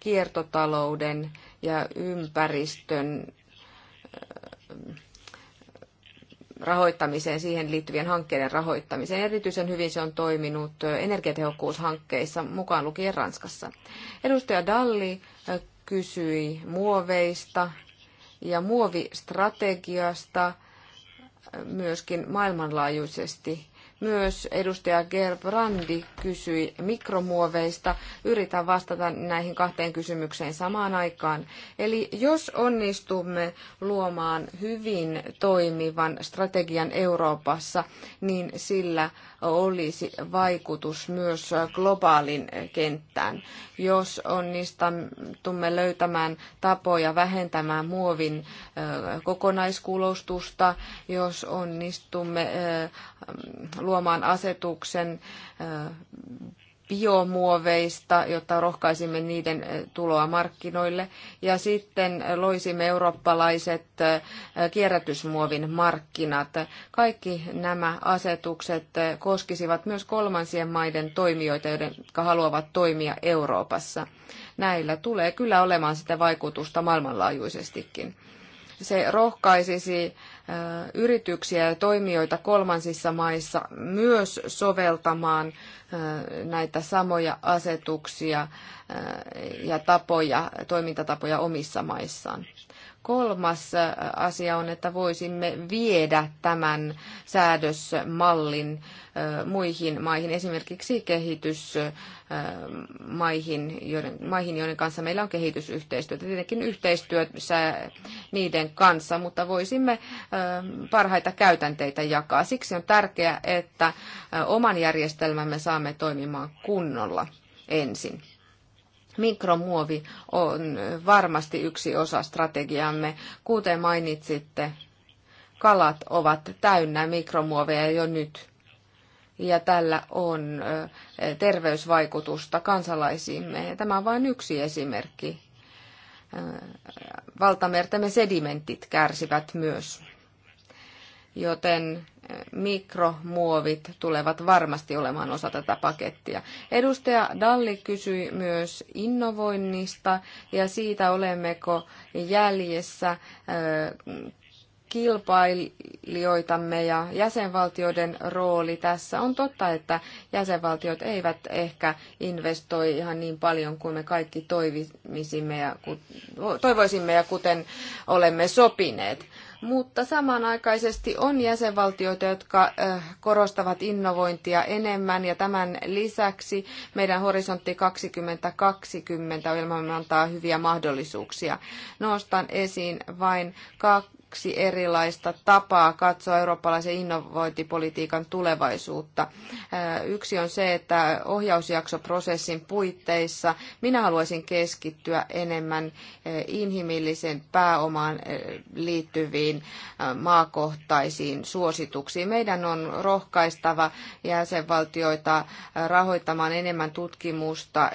kiertotalouden ja ympäristön rahoittamiseen, siihen liittyvien hankkeiden rahoittamiseen. Erityisen hyvin se on toiminut energiatehokkuushankkeissa, mukaan lukien Ranskassa. Edustaja Dalli kysyi muoveista ja muovistrategiasta myöskin maailmanlaajuisesti. Myös edustaja Gerbrandi kysyi mikromuoveista. Yritän vastata näihin kahteen kysymykseen samaan aikaan. Eli jos onnistumme luomaan hyvin toimivan strategian Euroopassa, niin sillä olisi vaikutus myös globaalin kenttään. Jos onnistumme löytämään tapoja vähentämään muovin kokonaiskulostusta, jos onnistumme luomaan asetuksen biomuoveista, jotta rohkaisimme niiden eh, tuloa markkinoille. Ja sitten loisimme eurooppalaiset eh, kierrätysmuovin markkinat. Kaikki nämä asetukset eh, koskisivat myös kolmansien maiden toimijoita, jotka haluavat toimia Euroopassa. Näillä tulee kyllä olemaan sitä vaikutusta maailmanlaajuisestikin. Se rohkaisisi yrityksiä ja toimijoita kolmansissa maissa myös soveltamaan näitä samoja asetuksia ja tapoja, toimintatapoja omissa maissaan. Kolmas asia on, että voisimme viedä tämän säädösmallin muihin maihin, esimerkiksi kehitysmaihin, joiden, maihin, joiden kanssa meillä on kehitysyhteistyötä. Tietenkin yhteistyössä niiden kanssa, mutta voisimme parhaita käytänteitä jakaa. Siksi on tärkeää, että oman järjestelmämme saa saamme toimimaan kunnolla ensin. Mikromuovi on varmasti yksi osa strategiamme. Kuten mainitsitte, kalat ovat täynnä mikromuoveja jo nyt. Ja tällä on terveysvaikutusta kansalaisiimme. Tämä on vain yksi esimerkki. Valtamertamme sedimentit kärsivät myös joten eh, mikromuovit tulevat varmasti olemaan osa tätä pakettia. Edustaja Dalli kysyi myös innovoinnista ja siitä olemmeko jäljessä eh, kilpailijoitamme ja jäsenvaltioiden rooli tässä. On totta, että jäsenvaltiot eivät ehkä investoi ihan niin paljon kuin me kaikki ja, toivoisimme ja kuten olemme sopineet mutta samanaikaisesti on jäsenvaltioita, jotka äh, korostavat innovointia enemmän ja tämän lisäksi meidän horisontti 2020 ohjelmamme antaa hyviä mahdollisuuksia. Nostan esiin vain kaksi kaksi erilaista tapaa katsoa eurooppalaisen innovointipolitiikan tulevaisuutta. Äh, yksi on se, että ohjausjaksoprosessin puitteissa minä haluaisin keskittyä enemmän äh, inhimillisen pääomaan äh, liittyviin maakohtaisiin suosituksiin. Meidän on rohkaistava jäsenvaltioita rahoittamaan enemmän tutkimusta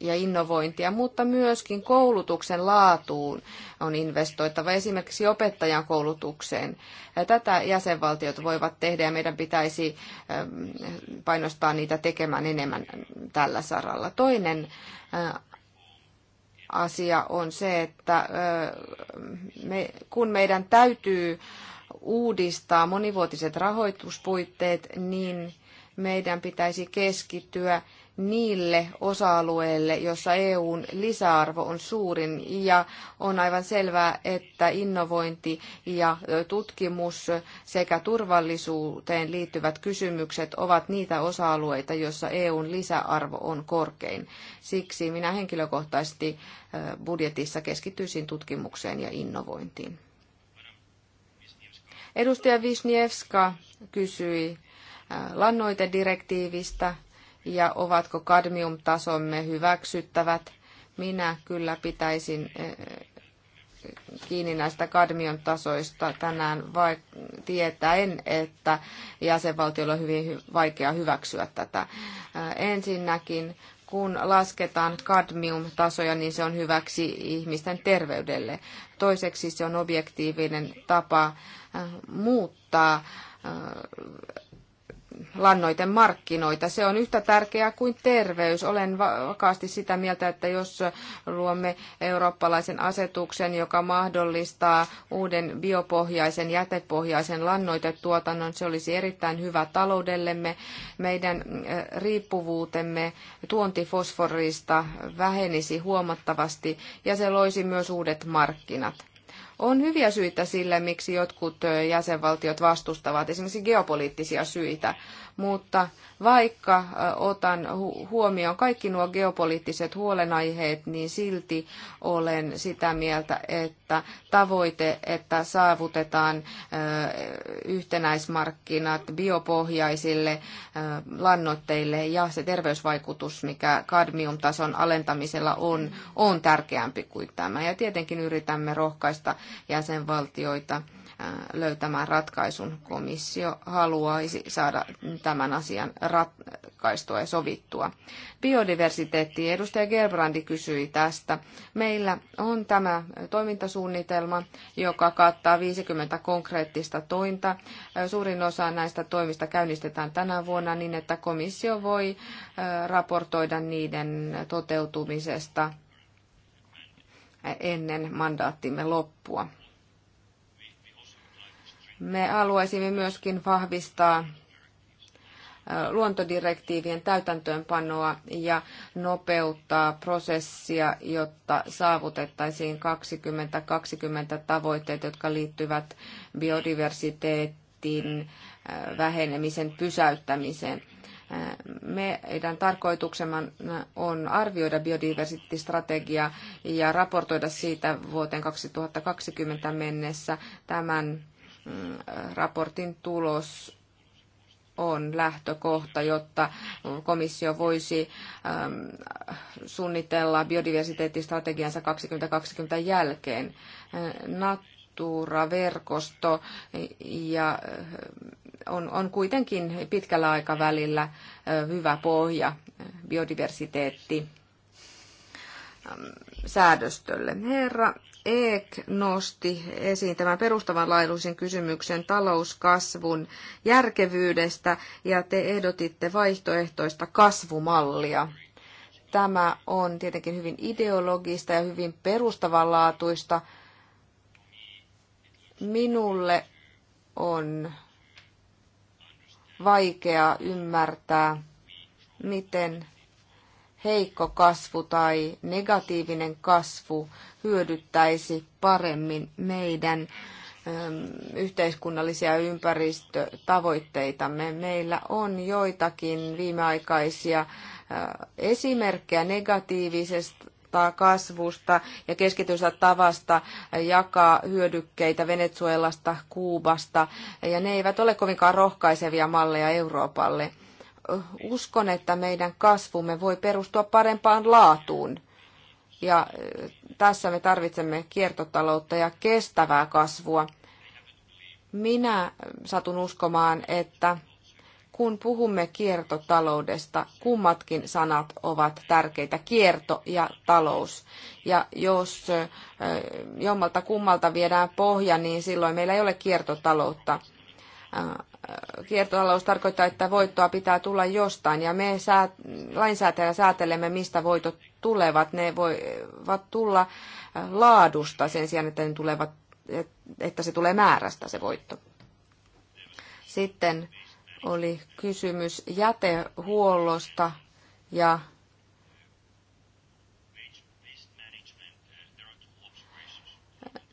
ja innovointia, mutta myöskin koulutuksen laatuun on investoitava, esimerkiksi opettajan koulutukseen. Tätä jäsenvaltiot voivat tehdä ja meidän pitäisi ähm, painostaa niitä tekemään enemmän tällä saralla. Toinen äh, asia on se, että äh, me, kun meidän täytyy uudistaa monivuotiset rahoituspuitteet, niin meidän pitäisi keskittyä niille osa-alueille, jossa EUn lisäarvo on suurin ja on aivan selvää, että innovointi ja tutkimus sekä turvallisuuteen liittyvät kysymykset ovat niitä osa-alueita, joissa EUn lisäarvo on korkein. Siksi minä henkilökohtaisesti budjetissa keskittyisin tutkimukseen ja innovointiin. Edustaja Wisniewska kysyi lannoitedirektiivistä ja ovatko kadmiumtasomme hyväksyttävät. Minä kyllä pitäisin eh, kiinni näistä kadmion tasoista tänään, vai tietäen, että jäsenvaltiolla on hyvin vaikea hyväksyä tätä. Eh, ensinnäkin, kun lasketaan kadmiumtasoja, niin se on hyväksi ihmisten terveydelle. Toiseksi se on objektiivinen tapa eh, muuttaa lannoitemarkkinoita. Se on yhtä tärkeää kuin terveys. Olen vakaasti sitä mieltä, että jos luomme eurooppalaisen asetuksen, joka mahdollistaa uuden biopohjaisen, jätepohjaisen lannoitetuotannon, se olisi erittäin hyvä taloudellemme. Meidän äh, riippuvuutemme tuontifosforista vähenisi huomattavasti ja se loisi myös uudet markkinat on hyviä syitä sille, miksi jotkut jäsenvaltiot vastustavat, esimerkiksi geopoliittisia syitä mutta vaikka otan huomioon kaikki nuo geopoliittiset huolenaiheet, niin silti olen sitä mieltä, että tavoite, että saavutetaan yhtenäismarkkinat biopohjaisille lannoitteille ja se terveysvaikutus, mikä kadmiumtason alentamisella on, on tärkeämpi kuin tämä. Ja tietenkin yritämme rohkaista jäsenvaltioita Äh, löytämään ratkaisun. Komissio haluaisi saada tämän asian ratkaistua ja sovittua. Biodiversiteetti. Edustaja Gerbrandi kysyi tästä. Meillä on tämä toimintasuunnitelma, joka kattaa 50 konkreettista tointa. Äh, suurin osa näistä toimista käynnistetään tänä vuonna niin, että komissio voi äh, raportoida niiden toteutumisesta ennen mandaattimme loppua. Me haluaisimme myöskin vahvistaa luontodirektiivien täytäntöönpanoa ja nopeuttaa prosessia, jotta saavutettaisiin 2020 tavoitteet, jotka liittyvät biodiversiteetin vähenemisen pysäyttämiseen. Meidän tarkoituksemme on arvioida biodiversiteettistrategiaa ja raportoida siitä vuoteen 2020 mennessä tämän raportin tulos on lähtökohta, jotta komissio voisi ähm, suunnitella biodiversiteettistrategiansa 2020 jälkeen. Äh, Natura-verkosto äh, ja äh, on, on kuitenkin pitkällä aikavälillä hyvä pohja biodiversiteetti ähm, säädöstölle. Herra Eek nosti esiin tämän perustavanlaajuisen kysymyksen talouskasvun järkevyydestä ja te ehdotitte vaihtoehtoista kasvumallia. Tämä on tietenkin hyvin ideologista ja hyvin perustavanlaatuista. Minulle on vaikea ymmärtää, miten heikko kasvu tai negatiivinen kasvu hyödyttäisi paremmin meidän ähm, yhteiskunnallisia ympäristötavoitteitamme. Meillä on joitakin viimeaikaisia äh, esimerkkejä negatiivisesta kasvusta ja keskitystä tavasta jakaa hyödykkeitä Venezuelasta, Kuubasta, ja ne eivät ole kovinkaan rohkaisevia malleja Euroopalle uskon, että meidän kasvumme voi perustua parempaan laatuun. Ja tässä me tarvitsemme kiertotaloutta ja kestävää kasvua. Minä satun uskomaan, että kun puhumme kiertotaloudesta, kummatkin sanat ovat tärkeitä, kierto ja talous. Ja jos jommalta kummalta viedään pohja, niin silloin meillä ei ole kiertotaloutta kiertotalous tarkoittaa, että voittoa pitää tulla jostain ja me säät, lainsäätäjä säätelemme, mistä voitot tulevat. Ne voivat tulla äh, laadusta sen sijaan, että, ne tulevat, että se tulee määrästä se voitto. Sitten oli kysymys jätehuollosta ja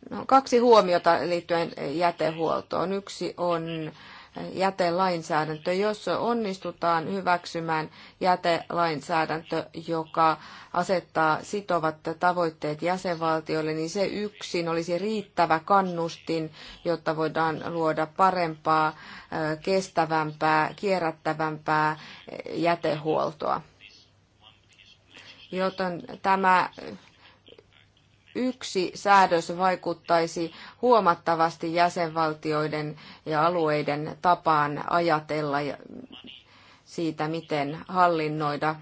No, kaksi huomiota liittyen jätehuoltoon. Yksi on äh, jätelainsäädäntö, jos onnistutaan hyväksymään jätelainsäädäntö, joka asettaa sitovat tavoitteet jäsenvaltioille, niin se yksin olisi riittävä kannustin, jotta voidaan luoda parempaa, kestävämpää, kierrättävämpää jätehuoltoa. Joten tämä yksi säädös vaikuttaisi huomattavasti jäsenvaltioiden ja alueiden tapaan ajatella siitä, miten hallinnoida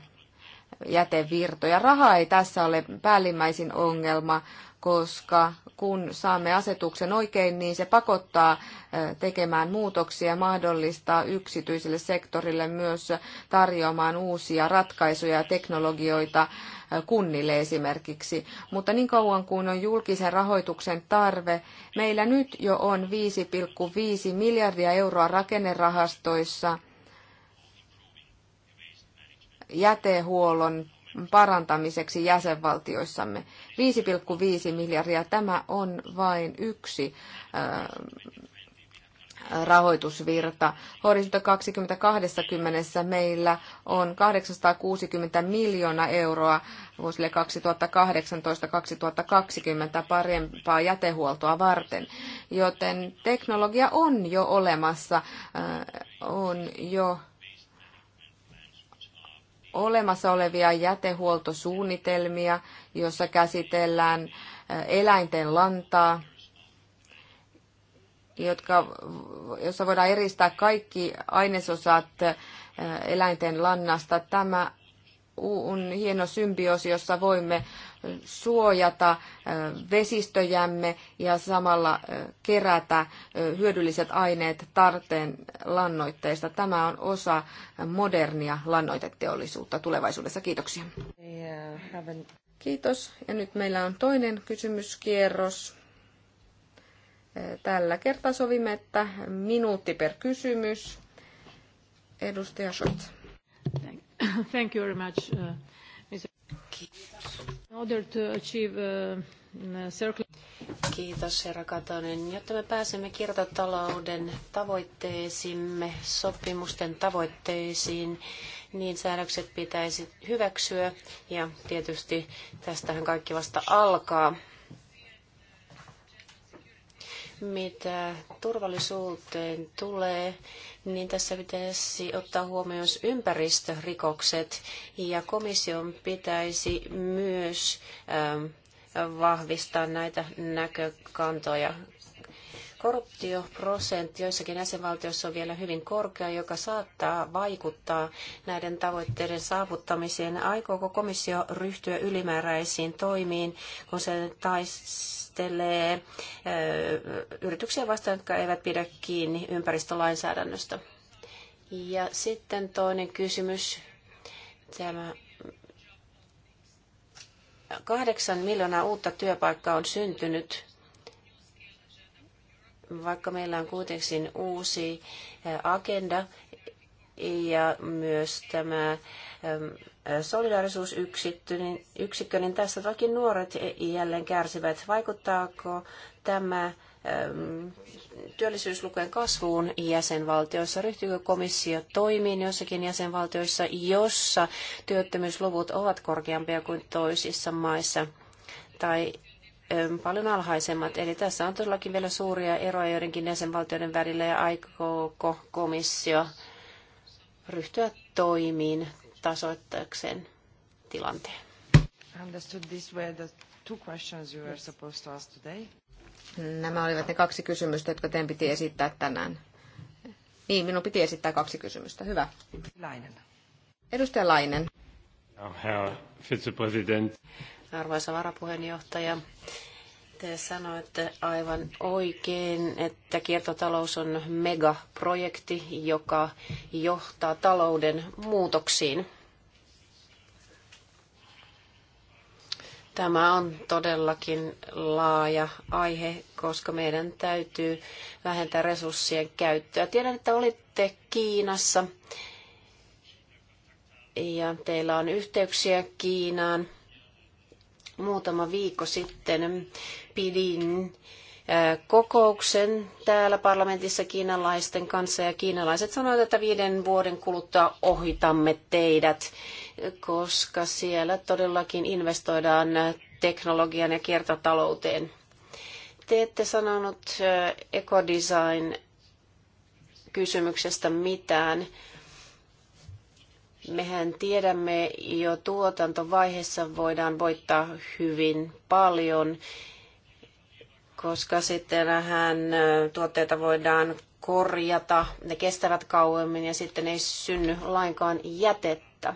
jätevirtoja. Raha ei tässä ole päällimmäisin ongelma, koska kun saamme asetuksen oikein, niin se pakottaa tekemään muutoksia ja mahdollistaa yksityiselle sektorille myös tarjoamaan uusia ratkaisuja ja teknologioita kunnille esimerkiksi. Mutta niin kauan kuin on julkisen rahoituksen tarve, meillä nyt jo on 5,5 miljardia euroa rakennerahastoissa jätehuollon parantamiseksi jäsenvaltioissamme. 5,5 miljardia, tämä on vain yksi rahoitusvirta. Horisontti 2020 meillä on 860 miljoonaa euroa vuosille 2018-2020 parempaa jätehuoltoa varten, joten teknologia on jo olemassa, äh, on jo olemassa olevia jätehuoltosuunnitelmia, joissa käsitellään äh, eläinten lantaa, jotka, jossa voidaan eristää kaikki ainesosat eläinten lannasta. Tämä on hieno symbioosi, jossa voimme suojata vesistöjämme ja samalla kerätä hyödylliset aineet tarteen lannoitteista. Tämä on osa modernia lannoiteteollisuutta tulevaisuudessa. Kiitoksia. Uh, Kiitos. Ja nyt meillä on toinen kysymyskierros. Tällä kertaa sovimme, että minuutti per kysymys. Edustaja Schott. Thank you very much. Uh, Kiitos. In order to achieve uh, circular... Kiitos herra Katonen. Jotta me pääsemme kiertotalouden tavoitteisimme, sopimusten tavoitteisiin, niin säädökset pitäisi hyväksyä. Ja tietysti tästähän kaikki vasta alkaa. Mitä turvallisuuteen tulee, niin tässä pitäisi ottaa huomioon ympäristörikokset ja komission pitäisi myös ähm, vahvistaa näitä näkökantoja, Korruptioprosentti joissakin jäsenvaltioissa on vielä hyvin korkea, joka saattaa vaikuttaa näiden tavoitteiden saavuttamiseen. Aikooko komissio ryhtyä ylimääräisiin toimiin, kun se taistelee yrityksiä vastaan, jotka eivät pidä kiinni ympäristölainsäädännöstä? Ja sitten toinen kysymys. Tämä kahdeksan miljoonaa uutta työpaikkaa on syntynyt vaikka meillä on kuitenkin uusi agenda ja myös tämä solidaarisuusyksikkö, niin, niin, tässä toki nuoret jälleen kärsivät. Vaikuttaako tämä työllisyyslukujen kasvuun jäsenvaltioissa? Ryhtyykö komissio toimiin jossakin jäsenvaltioissa, jossa työttömyysluvut ovat korkeampia kuin toisissa maissa? Tai paljon alhaisemmat. Eli tässä on todellakin vielä suuria eroja joidenkin jäsenvaltioiden välillä ja aikooko komissio ryhtyä toimiin tasoittaakseen tilanteen. Nämä olivat ne kaksi kysymystä, jotka teidän piti esittää tänään. Niin, minun piti esittää kaksi kysymystä. Hyvä. Lainen. Edustaja Lainen. Herr Vizepräsident arvoisa varapuheenjohtaja. Te sanoitte aivan oikein, että kiertotalous on megaprojekti, joka johtaa talouden muutoksiin. Tämä on todellakin laaja aihe, koska meidän täytyy vähentää resurssien käyttöä. Tiedän, että olitte Kiinassa ja teillä on yhteyksiä Kiinaan. Muutama viikko sitten pidin kokouksen täällä parlamentissa kiinalaisten kanssa ja kiinalaiset sanoivat, että viiden vuoden kuluttua ohitamme teidät, koska siellä todellakin investoidaan teknologian ja kiertotalouteen. Te ette sanonut ekodesign kysymyksestä mitään. Mehän tiedämme jo tuotantovaiheessa voidaan voittaa hyvin paljon, koska sitten hän tuotteita voidaan korjata, ne kestävät kauemmin ja sitten ei synny lainkaan jätettä.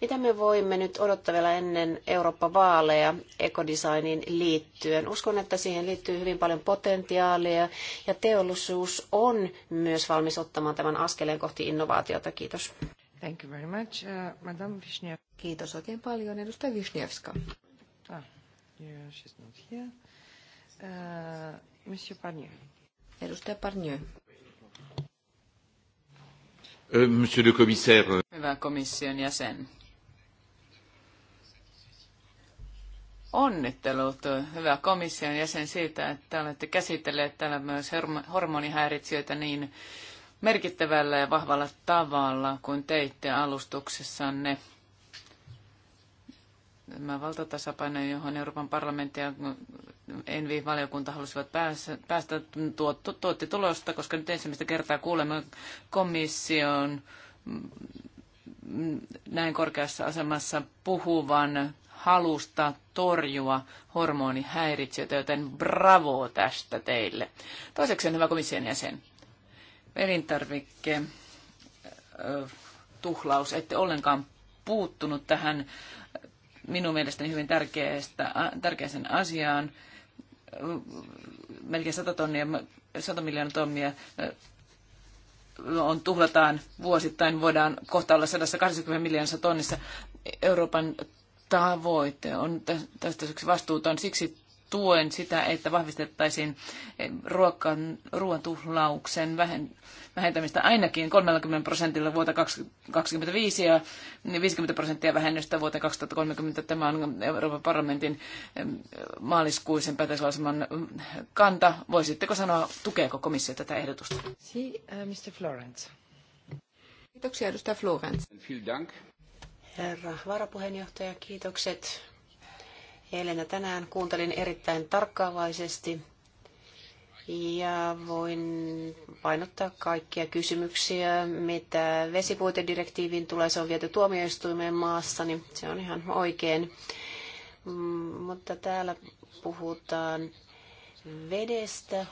Mitä me voimme nyt odottaa vielä ennen Eurooppa-vaaleja ekodesigniin liittyen? Uskon, että siihen liittyy hyvin paljon potentiaalia ja teollisuus on myös valmis ottamaan tämän askeleen kohti innovaatiota. Kiitos. Thank you very much. Uh, Madame Vishnev. Kiitos oikein paljon, edustaja Vishnevska. Ah, yeah, she's not here. Uh, Monsieur Parnier. Edustaja Parnier. Euh, monsieur le commissaire. Euh, hyvä komission jäsen. onnittelut, hyvä komission jäsen, siitä, että olette käsitelleet täällä myös hormonihäiritsijöitä niin merkittävällä ja vahvalla tavalla, kun teitte alustuksessanne. Tämä valtatasapaino, johon Euroopan parlamentti ja Envi-valiokunta halusivat päästä, tuotti tulosta, koska nyt ensimmäistä kertaa kuulemme komission näin korkeassa asemassa puhuvan halusta torjua hormonihäiritsijöitä, joten bravo tästä teille. Toiseksi on hyvä komission jäsen elintarvikke tuhlaus, ette ollenkaan puuttunut tähän minun mielestäni hyvin tärkeästä, tärkeäseen asiaan. Melkein 100, tonnia, 100 miljoonaa tonnia on tuhlataan vuosittain, voidaan kohta olla 180 miljoonassa tonnissa. Euroopan tavoite on tästä syyksi vastuuton. Siksi tuen sitä, että vahvistettaisiin ruokan, ruoantuhlauksen vähentämistä ainakin 30 prosentilla vuotta 2025 ja 50 prosenttia vähennystä vuoteen 2030. Tämä on Euroopan parlamentin maaliskuisen päätöslauselman kanta. Voisitteko sanoa, tukeeko komissio tätä ehdotusta? Si, äh, Mr. Florence. Kiitoksia, edustaja Florence. Herra varapuheenjohtaja, kiitokset Eilen ja tänään kuuntelin erittäin tarkkaavaisesti ja voin painottaa kaikkia kysymyksiä, mitä vesipuitedirektiiviin tulee. Se on viety tuomioistuimeen maassa, niin se on ihan oikein. Mm, mutta täällä puhutaan vedestä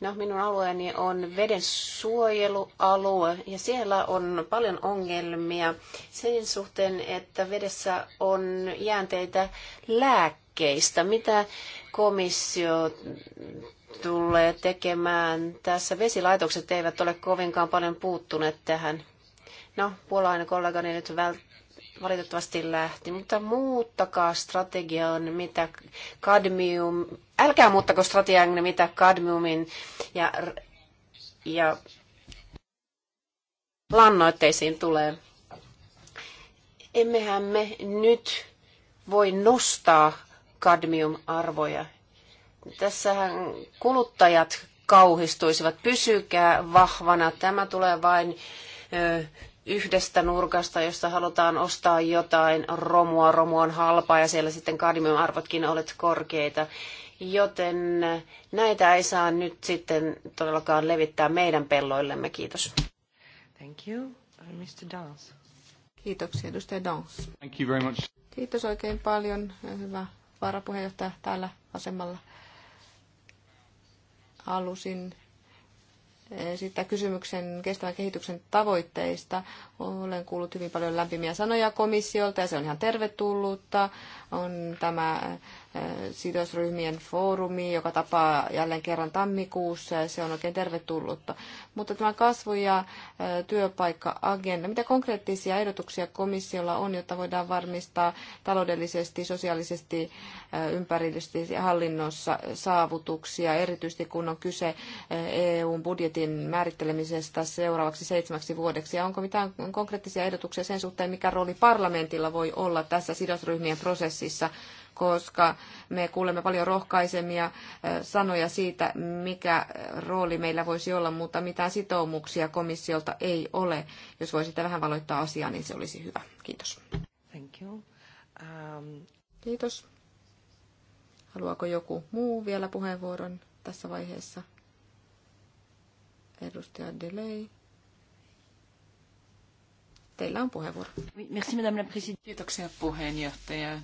No, minun alueeni on vedensuojelualue ja siellä on paljon ongelmia sen suhteen, että vedessä on jäänteitä lääkkeistä. Mitä komissio tulee tekemään tässä? Vesilaitokset eivät ole kovinkaan paljon puuttuneet tähän. No, puolainen kollegani nyt vält- valitettavasti lähti, mutta muuttakaa strategian, mitä kadmium, älkää muuttako strategian, mitä kadmiumin ja, ja lannoitteisiin tulee. Emmehän me nyt voi nostaa kadmiumarvoja. Tässähän kuluttajat kauhistuisivat. Pysykää vahvana. Tämä tulee vain yhdestä nurkasta, josta halutaan ostaa jotain romua, romu on halpaa ja siellä sitten kadmiumarvotkin olet korkeita. Joten näitä ei saa nyt sitten todellakaan levittää meidän pelloillemme. Kiitos. Thank you, uh, Mr. Dance. Kiitoksia, edustaja Dance. Thank you very much. Kiitos oikein paljon, hyvä varapuheenjohtaja täällä vasemmalla. Halusin sitä kysymyksen kestävän kehityksen tavoitteista. Olen kuullut hyvin paljon lämpimiä sanoja komissiolta ja se on ihan tervetullutta. On tämä sidosryhmien foorumi, joka tapaa jälleen kerran tammikuussa ja se on oikein tervetullutta. Mutta tämä kasvu- ja työpaikka-agenda, mitä konkreettisia ehdotuksia komissiolla on, jotta voidaan varmistaa taloudellisesti, sosiaalisesti, ympärillisesti ja hallinnossa saavutuksia, erityisesti kun on kyse EUn budjetin määrittelemisestä seuraavaksi seitsemäksi vuodeksi. Ja onko mitään konkreettisia ehdotuksia sen suhteen, mikä rooli parlamentilla voi olla tässä sidosryhmien prosessissa? koska me kuulemme paljon rohkaisemia sanoja siitä, mikä rooli meillä voisi olla, mutta mitään sitoumuksia komissiolta ei ole. Jos voisitte vähän valoittaa asiaa, niin se olisi hyvä. Kiitos. Thank you. Um... Kiitos. Haluaako joku muu vielä puheenvuoron tässä vaiheessa? Edustaja Delay. Teillä on puheenvuoro. Merci, madame la Kiitoksia puheenjohtaja.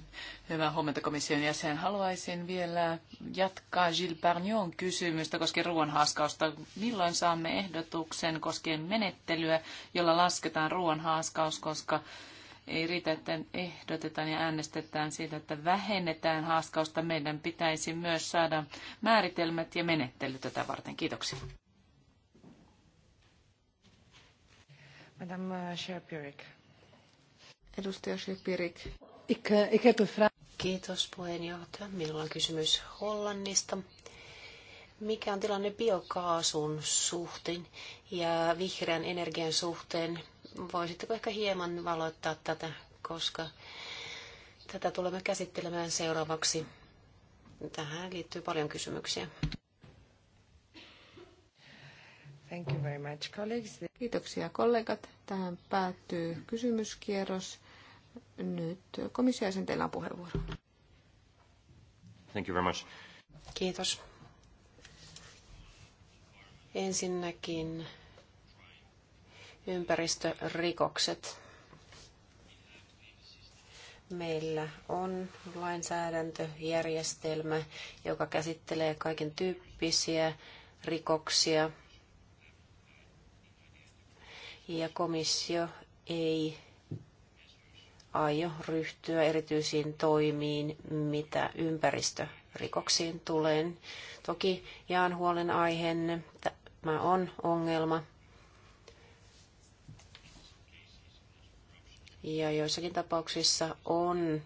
Hyvää huomenta komission jäsen. Haluaisin vielä jatkaa Gilles Barnion kysymystä koskien ruoanhaaskausta. Milloin saamme ehdotuksen koskien menettelyä, jolla lasketaan ruoanhaaskaus, koska ei riitä, että ehdotetaan ja äänestetään siitä, että vähennetään haaskausta. Meidän pitäisi myös saada määritelmät ja menettely tätä varten. Kiitoksia. Madame euh, Sherpirik. Edustaja Sherpirik. Eh, Kiitos puheenjohtaja. Minulla on kysymys Hollannista. Mikä on tilanne biokaasun suhteen ja vihreän energian suhteen? Voisitteko ehkä hieman valoittaa tätä, koska tätä tulemme käsittelemään seuraavaksi. Tähän liittyy paljon kysymyksiä. Thank you very much, colleagues. Kiitoksia kollegat. Tähän päättyy kysymyskierros. Nyt komissiaisen teillä on puheenvuoro. Thank you very much. Kiitos. Ensinnäkin ympäristörikokset. Meillä on lainsäädäntöjärjestelmä, joka käsittelee kaiken tyyppisiä rikoksia, ja komissio ei aio ryhtyä erityisiin toimiin, mitä ympäristörikoksiin tulee. Toki jaan huolen aiheenne, tämä on ongelma. Ja joissakin tapauksissa on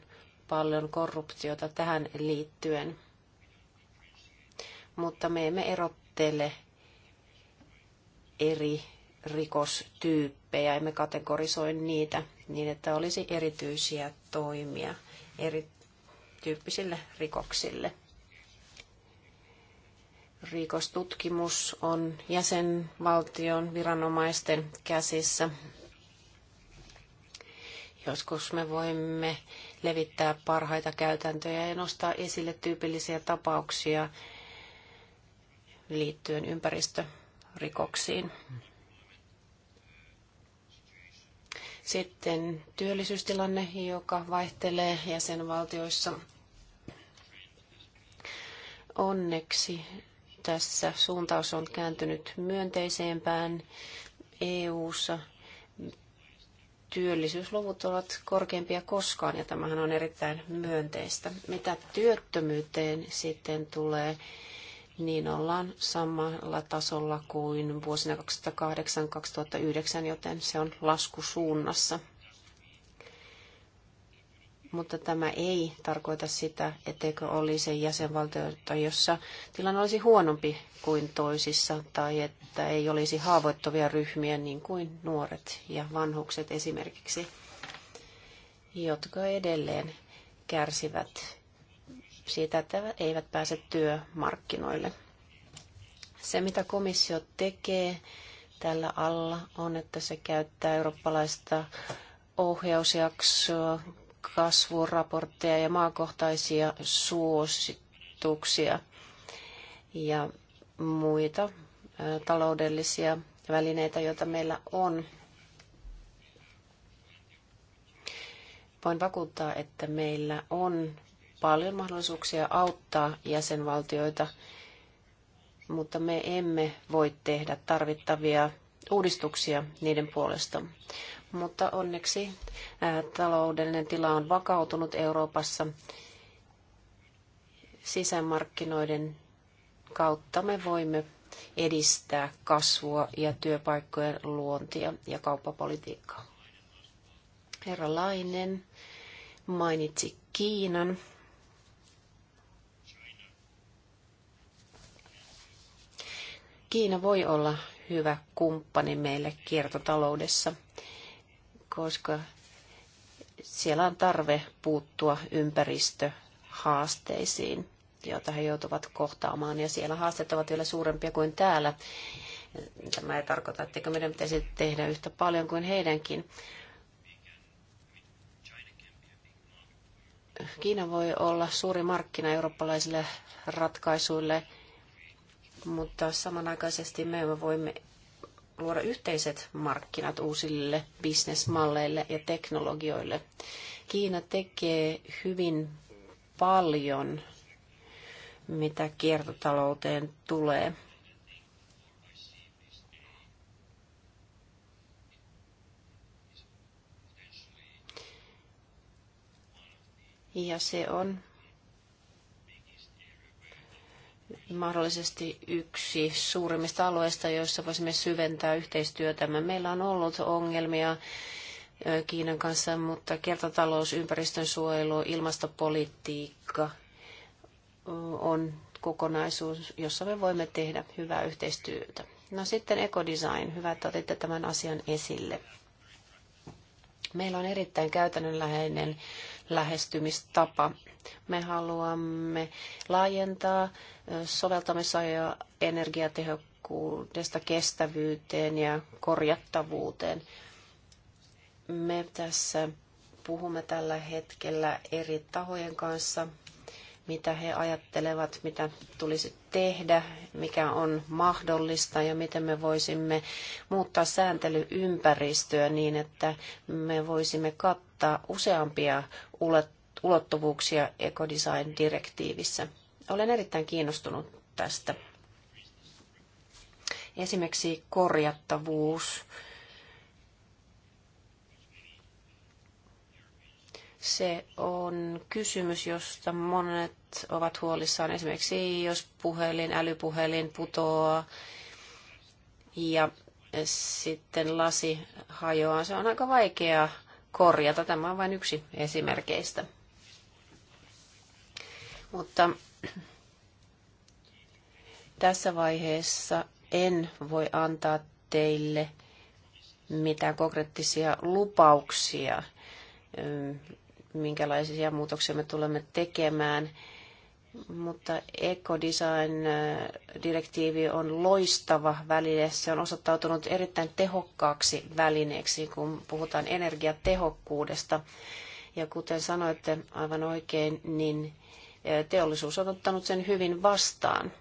paljon korruptiota tähän liittyen. Mutta me emme erottele eri rikostyyppejä, emme kategorisoi niitä niin, että olisi erityisiä toimia erityyppisille rikoksille. Rikostutkimus on jäsenvaltion viranomaisten käsissä. Joskus me voimme levittää parhaita käytäntöjä ja nostaa esille tyypillisiä tapauksia liittyen ympäristörikoksiin. Sitten työllisyystilanne, joka vaihtelee jäsenvaltioissa. Onneksi tässä suuntaus on kääntynyt myönteisempään EU-ssa. Työllisyysluvut ovat korkeampia koskaan ja tämähän on erittäin myönteistä. Mitä työttömyyteen sitten tulee, niin ollaan samalla tasolla kuin vuosina 2008-2009, joten se on laskusuunnassa. Mutta tämä ei tarkoita sitä, etteikö olisi jäsenvaltioita, jossa tilanne olisi huonompi kuin toisissa, tai että ei olisi haavoittuvia ryhmiä, niin kuin nuoret ja vanhukset esimerkiksi, jotka edelleen kärsivät siitä, että eivät pääse työmarkkinoille. Se, mitä komissio tekee tällä alla, on, että se käyttää eurooppalaista ohjausjaksoa, kasvuraportteja ja maakohtaisia suosituksia ja muita taloudellisia välineitä, joita meillä on. Voin vakuuttaa, että meillä on paljon mahdollisuuksia auttaa jäsenvaltioita, mutta me emme voi tehdä tarvittavia uudistuksia niiden puolesta. Mutta onneksi taloudellinen tila on vakautunut Euroopassa sisämarkkinoiden kautta me voimme edistää kasvua ja työpaikkojen luontia ja kauppapolitiikkaa. Herra Lainen mainitsi Kiinan. Kiina voi olla hyvä kumppani meille kiertotaloudessa, koska siellä on tarve puuttua ympäristöhaasteisiin, joita he joutuvat kohtaamaan. Ja siellä haasteet ovat vielä suurempia kuin täällä. Tämä ei tarkoita, että meidän pitäisi tehdä yhtä paljon kuin heidänkin. Kiina voi olla suuri markkina eurooppalaisille ratkaisuille – mutta samanaikaisesti me voimme luoda yhteiset markkinat uusille bisnesmalleille ja teknologioille. Kiina tekee hyvin paljon, mitä kiertotalouteen tulee. Ja se on mahdollisesti yksi suurimmista alueista, joissa voisimme syventää yhteistyötämme. Meillä on ollut ongelmia Kiinan kanssa, mutta kiertotalous, ympäristön suojelu, ilmastopolitiikka on kokonaisuus, jossa me voimme tehdä hyvää yhteistyötä. No sitten ekodesign. Hyvä, että otitte tämän asian esille. Meillä on erittäin käytännönläheinen lähestymistapa. Me haluamme laajentaa soveltamisajoja energiatehokkuudesta kestävyyteen ja korjattavuuteen. Me tässä puhumme tällä hetkellä eri tahojen kanssa mitä he ajattelevat, mitä tulisi tehdä, mikä on mahdollista ja miten me voisimme muuttaa sääntelyympäristöä niin, että me voisimme kattaa useampia ulottuvuuksia ekodesign-direktiivissä. Olen erittäin kiinnostunut tästä. Esimerkiksi korjattavuus Se on kysymys, josta monet ovat huolissaan. Esimerkiksi jos puhelin, älypuhelin putoaa ja sitten lasi hajoaa, se on aika vaikea korjata. Tämä on vain yksi esimerkkeistä. Mutta tässä vaiheessa en voi antaa teille mitään konkreettisia lupauksia minkälaisia muutoksia me tulemme tekemään. Mutta ekodesign-direktiivi on loistava väline. Se on osoittautunut erittäin tehokkaaksi välineeksi, kun puhutaan energiatehokkuudesta. Ja kuten sanoitte aivan oikein, niin e, teollisuus on ottanut sen hyvin vastaan.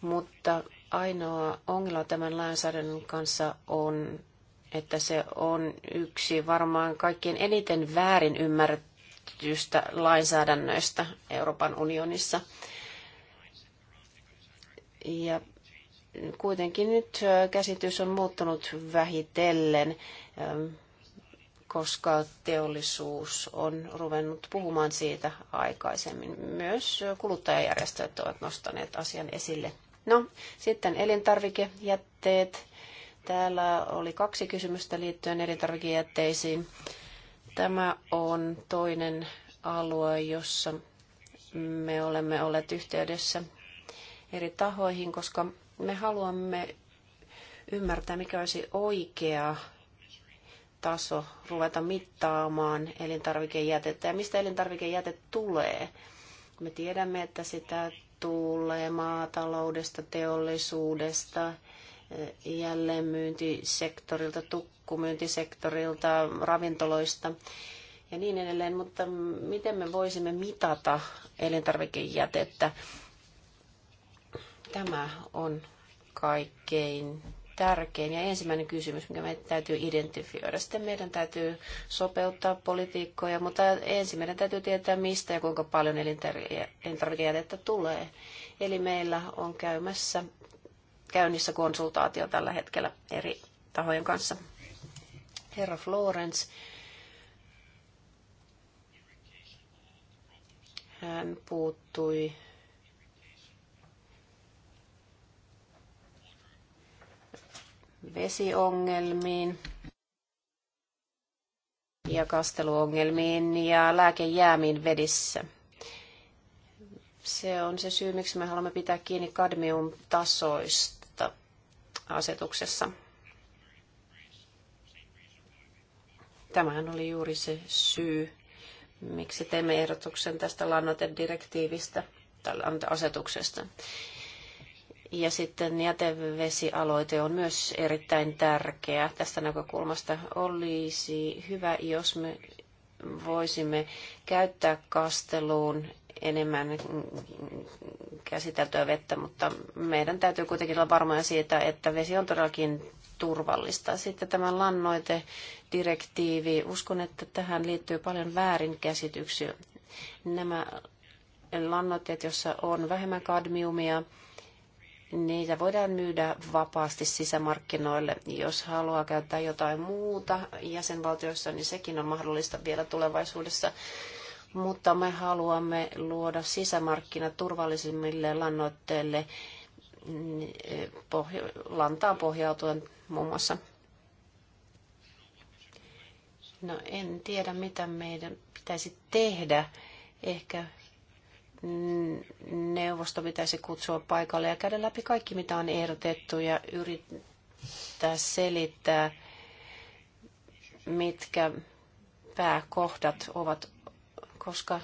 Mutta ainoa ongelma tämän lainsäädännön kanssa on että se on yksi varmaan kaikkien eniten väärin ymmärretystä lainsäädännöistä Euroopan unionissa. Ja kuitenkin nyt käsitys on muuttunut vähitellen, koska teollisuus on ruvennut puhumaan siitä aikaisemmin. Myös kuluttajajärjestöt ovat nostaneet asian esille. No, sitten elintarvikejätteet Täällä oli kaksi kysymystä liittyen elintarvikejätteisiin. Tämä on toinen alue, jossa me olemme olleet yhteydessä eri tahoihin, koska me haluamme ymmärtää, mikä olisi oikea taso ruveta mittaamaan elintarvikejätettä ja mistä elintarvikejäte tulee. Me tiedämme, että sitä tulee maataloudesta, teollisuudesta, jälleenmyyntisektorilta, tukkumyyntisektorilta, ravintoloista ja niin edelleen. Mutta miten me voisimme mitata elintarvikejätettä? Tämä on kaikkein tärkein ja ensimmäinen kysymys, mikä meidän täytyy identifioida. Sitten meidän täytyy sopeuttaa politiikkoja, mutta ensin meidän täytyy tietää, mistä ja kuinka paljon elintarvikejätettä tulee. Eli meillä on käymässä käynnissä konsultaatio tällä hetkellä eri tahojen kanssa. Herra Florence, hän puuttui vesiongelmiin ja kasteluongelmiin ja lääkejäämiin vedissä. Se on se syy, miksi me haluamme pitää kiinni kadmiumtasoista asetuksessa. Tämähän oli juuri se syy, miksi teimme ehdotuksen tästä lannoitedirektiivistä tai asetuksesta. Ja sitten jätevesialoite on myös erittäin tärkeä tästä näkökulmasta. Olisi hyvä, jos me voisimme käyttää kasteluun enemmän käsiteltyä vettä, mutta meidän täytyy kuitenkin olla varmoja siitä, että vesi on todellakin turvallista. Sitten tämä lannoitedirektiivi. Uskon, että tähän liittyy paljon väärinkäsityksiä. Nämä lannoitteet, joissa on vähemmän kadmiumia, niitä voidaan myydä vapaasti sisämarkkinoille. Jos haluaa käyttää jotain muuta jäsenvaltioissa, niin sekin on mahdollista vielä tulevaisuudessa mutta me haluamme luoda sisämarkkinat turvallisimmille lannoitteille pohjo- lantaa pohjautuen muun muassa. No en tiedä, mitä meidän pitäisi tehdä. Ehkä neuvosto pitäisi kutsua paikalle ja käydä läpi kaikki, mitä on ehdotettu ja yrittää selittää, mitkä pääkohdat ovat koska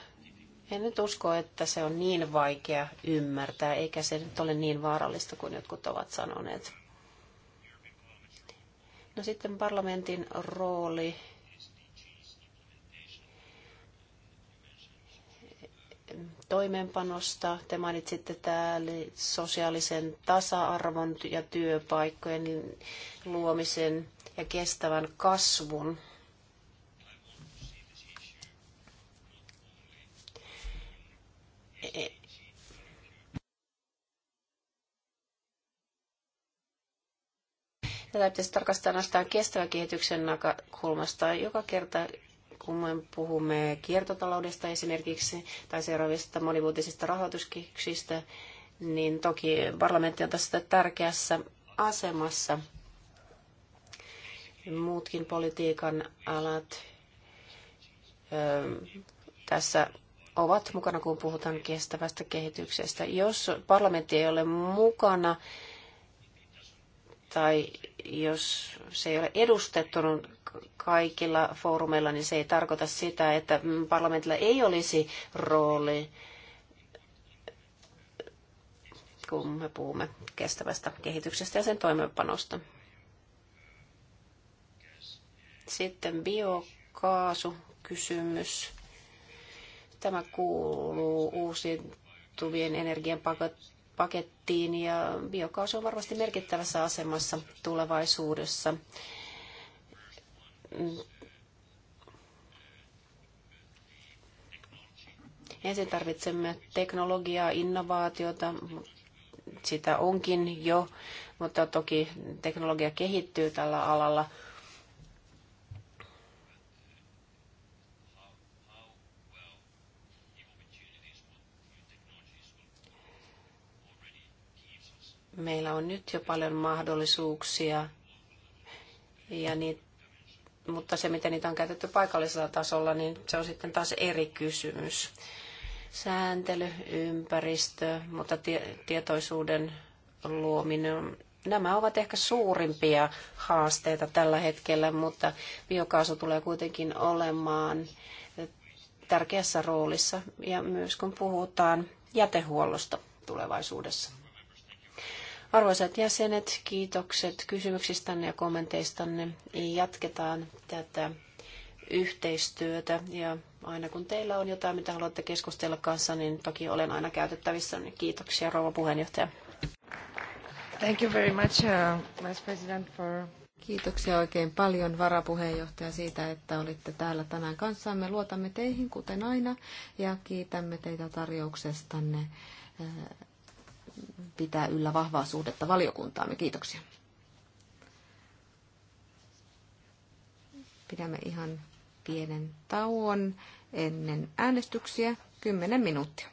en nyt usko, että se on niin vaikea ymmärtää, eikä se nyt ole niin vaarallista kuin jotkut ovat sanoneet. No sitten parlamentin rooli. Toimeenpanosta. Te mainitsitte täällä sosiaalisen tasa-arvon ja työpaikkojen luomisen ja kestävän kasvun. Tätä pitäisi tarkastaa ainoastaan kestävän kehityksen näkökulmasta. Joka kerta, kun me puhumme kiertotaloudesta esimerkiksi tai seuraavista monivuotisista rahoituskehyksistä, niin toki parlamentti on tässä tärkeässä asemassa. Muutkin politiikan alat tässä ovat mukana, kun puhutaan kestävästä kehityksestä. Jos parlamentti ei ole mukana, tai jos se ei ole edustettunut kaikilla foorumeilla, niin se ei tarkoita sitä, että parlamentilla ei olisi rooli, kun me puhumme kestävästä kehityksestä ja sen toimeenpanosta. Sitten biokaasukysymys. Tämä kuuluu uusiutuvien energian pakettiin ja biokaasu on varmasti merkittävässä asemassa tulevaisuudessa. Ensin tarvitsemme teknologiaa, innovaatiota, sitä onkin jo, mutta toki teknologia kehittyy tällä alalla – Meillä on nyt jo paljon mahdollisuuksia, ja niin, mutta se, miten niitä on käytetty paikallisella tasolla, niin se on sitten taas eri kysymys. Sääntely, ympäristö, mutta tie, tietoisuuden luominen nämä ovat ehkä suurimpia haasteita tällä hetkellä, mutta biokaasu tulee kuitenkin olemaan tärkeässä roolissa ja myös kun puhutaan jätehuollosta tulevaisuudessa. Arvoisat jäsenet, kiitokset kysymyksistänne ja kommenteistanne. Jatketaan tätä yhteistyötä ja aina kun teillä on jotain, mitä haluatte keskustella kanssa, niin toki olen aina käytettävissä. Niin kiitoksia rouva puheenjohtaja. Thank you very much, uh, President, for... Kiitoksia oikein paljon varapuheenjohtaja siitä, että olitte täällä tänään kanssamme. Luotamme teihin kuten aina ja kiitämme teitä tarjouksestanne. Uh, pitää yllä vahvaa suhdetta valiokuntaamme. Kiitoksia. Pidämme ihan pienen tauon ennen äänestyksiä, 10 minuuttia.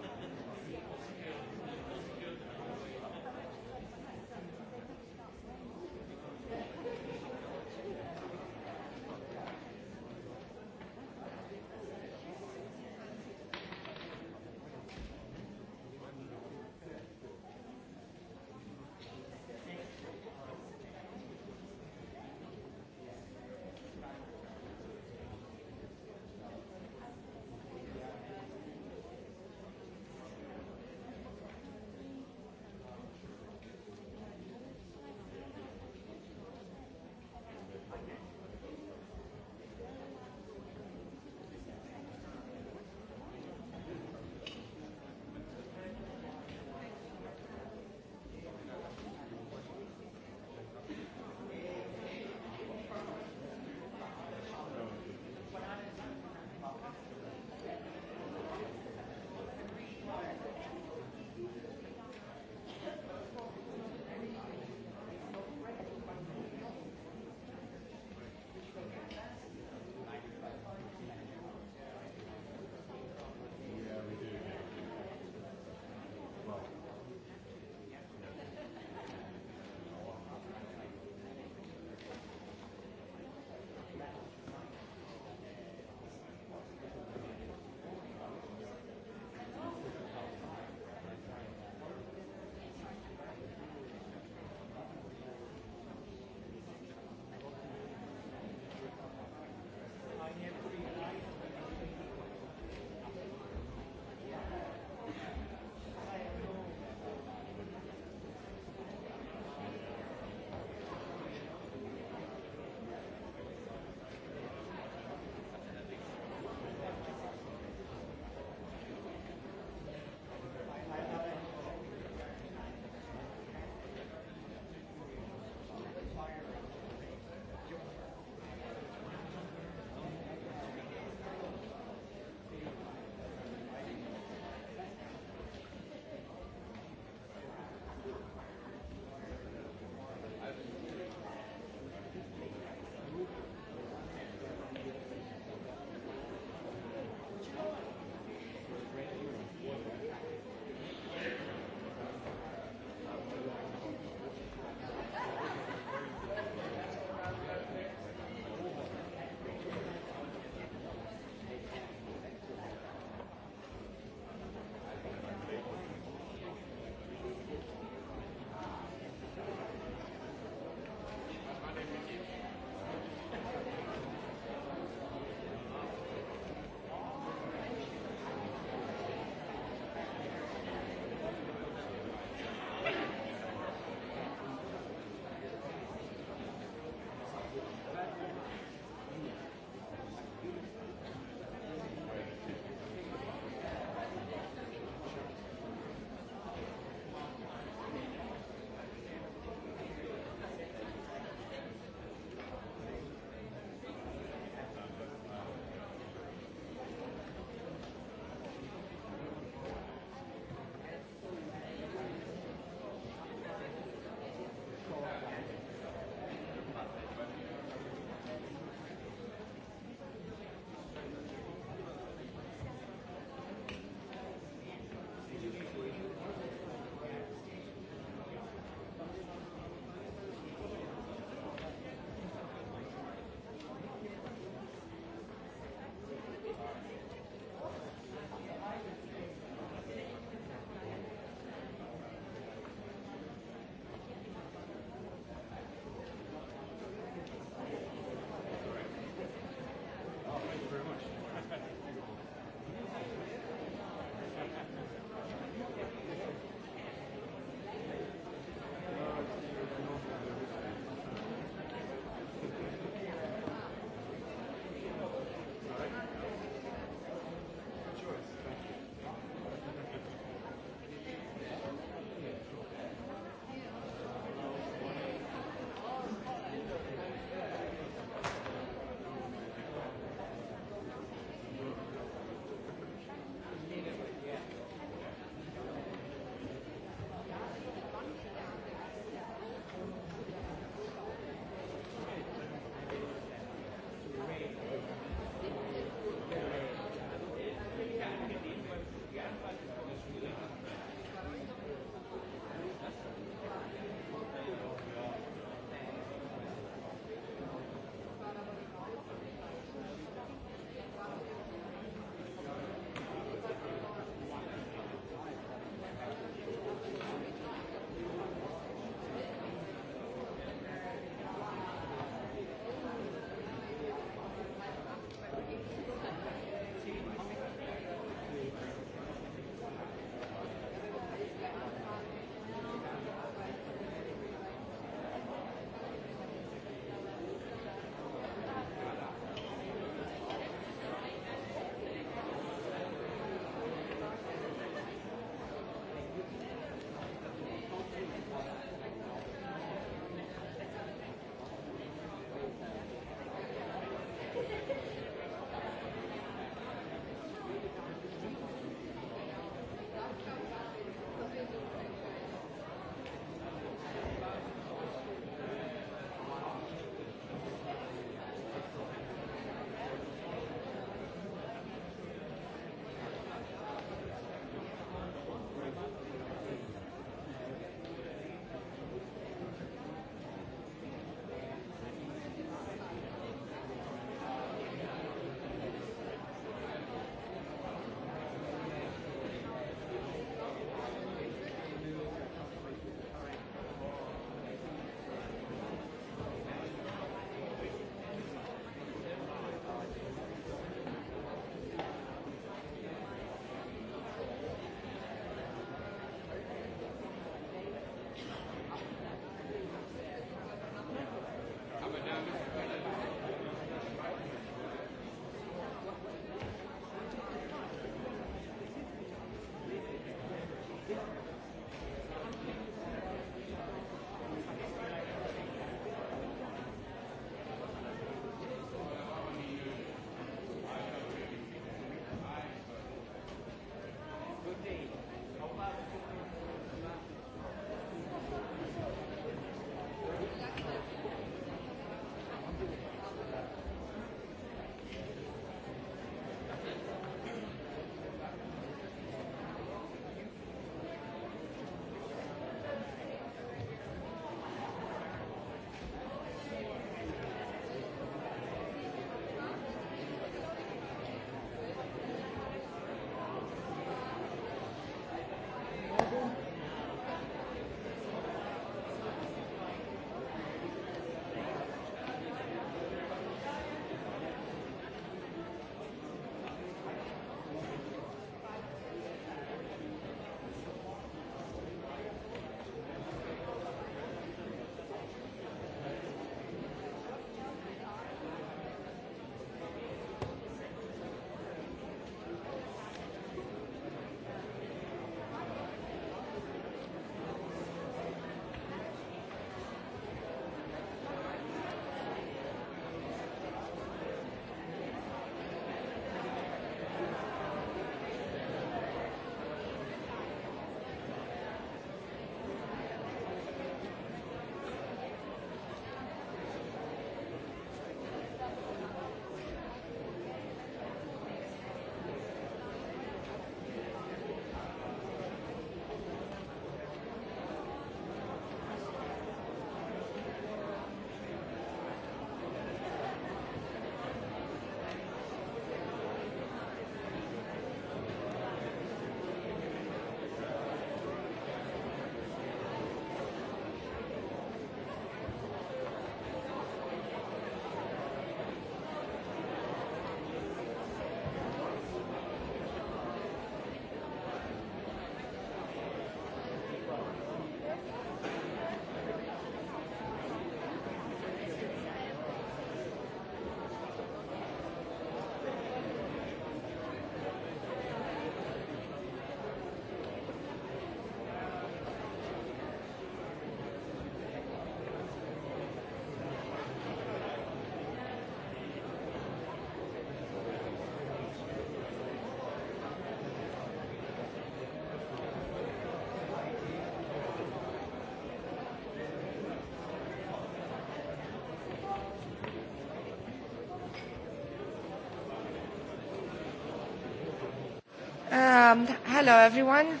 Um, hello, everyone.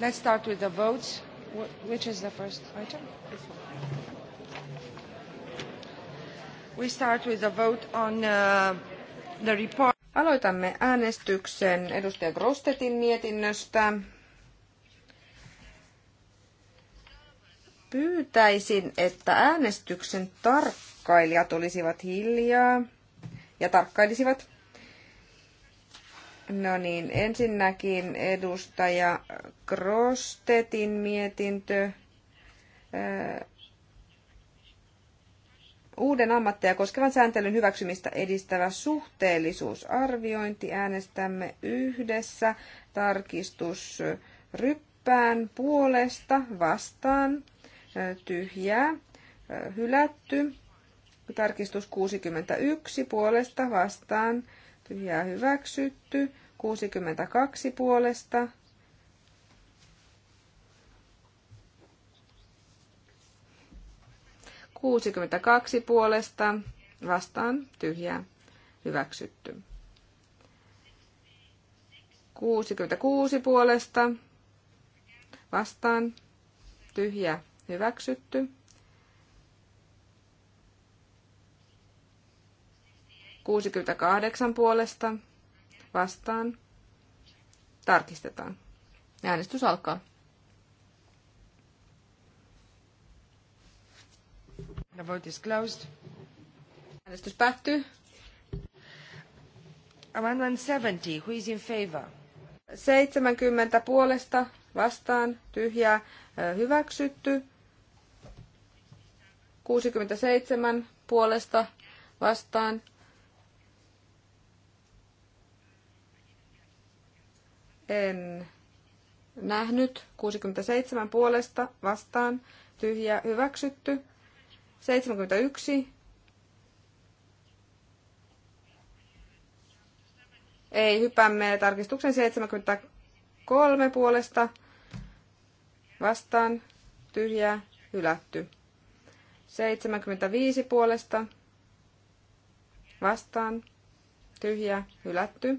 Let's start with the votes. Wh which is the first item? We start with the vote on uh, the report. Aloitamme äänestyksen edustaja Grostetin mietinnöstä. Pyytäisin, että äänestyksen tarkkailijat olisivat hiljaa ja tarkkailisivat No niin, ensinnäkin edustaja Krostetin mietintö. Uuden ammatteja koskevan sääntelyn hyväksymistä edistävä suhteellisuusarviointi. Äänestämme yhdessä tarkistusryppään puolesta vastaan tyhjää hylätty. Tarkistus 61 puolesta vastaan tyhjää hyväksytty. 62 puolesta. Kuusikymmentäkaksi puolesta vastaan tyhjää hyväksytty. 66 puolesta vastaan tyhjä hyväksytty. 68 puolesta vastaan. Tarkistetaan. Äänestys alkaa. The vote is closed. Äänestys päättyy. Amendment 70, who is in favor? 70 puolesta vastaan tyhjää hyväksytty. 67 puolesta vastaan en nähnyt. 67 puolesta vastaan tyhjä hyväksytty. 71 Ei, hypämme tarkistuksen 73 puolesta vastaan Tyhjä hylätty. 75 puolesta vastaan tyhjä hylätty.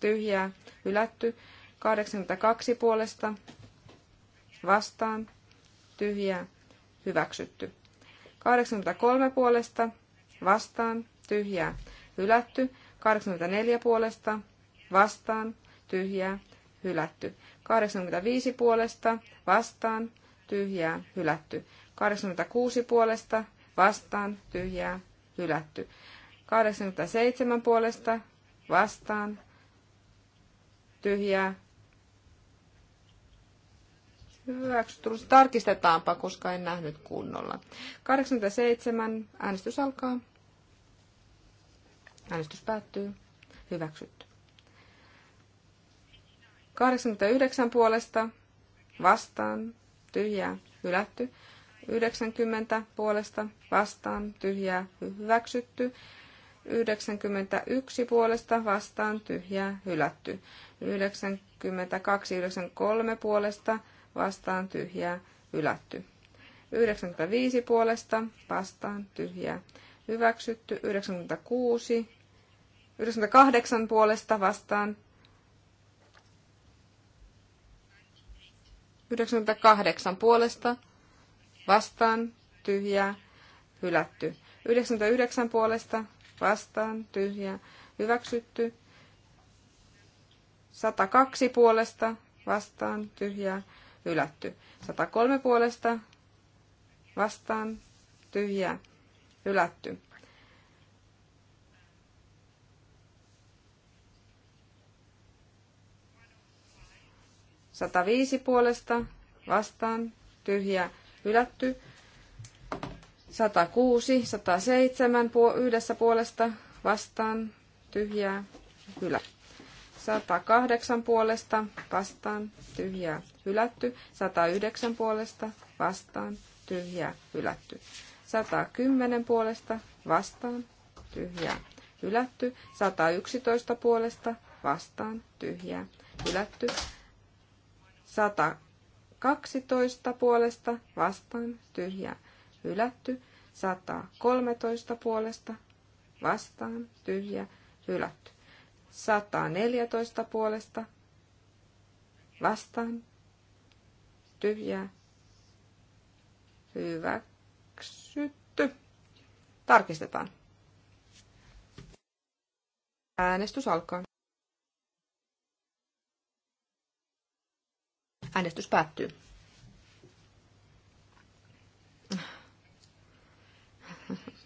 tyhjää, hylätty. 82 puolesta vastaan, tyhjää, hyväksytty. 83 puolesta vastaan, tyhjää, hylätty. 84 puolesta vastaan, tyhjää, hylätty. 85 puolesta vastaan, tyhjää, hylätty. 86 puolesta vastaan, tyhjää, hylätty. 87 puolesta vastaan, tyhjää. Hyväksytty. Tarkistetaanpa, koska en nähnyt kunnolla. 87. Äänestys alkaa. Äänestys päättyy. Hyväksytty. 89 puolesta vastaan tyhjää hylätty. 90 puolesta vastaan tyhjää hyväksytty. 91 puolesta vastaan tyhjää hylätty. 92, 93 puolesta vastaan tyhjää hylätty. 95 puolesta vastaan tyhjää hyväksytty. 96, 98 puolesta vastaan 98 puolesta vastaan tyhjää hylätty. 99 puolesta vastaan, tyhjä, hyväksytty. 102 puolesta, vastaan, tyhjä, hylätty. 103 puolesta, vastaan, tyhjä, hylätty. Sataviisi puolesta, vastaan, tyhjä hylätty. 106, 107 yhdessä puolesta vastaan tyhjää hylä. 108 puolesta vastaan tyhjää hylätty. 109 puolesta vastaan tyhjää hylätty. 110 puolesta vastaan tyhjää hylätty. 111 puolesta vastaan tyhjää hylätty. 112 puolesta vastaan tyhjää hylätty. 113 puolesta vastaan tyhjä hylätty. 114 puolesta vastaan tyhjä hyväksytty. Tarkistetaan. Äänestys alkaa. Äänestys päättyy.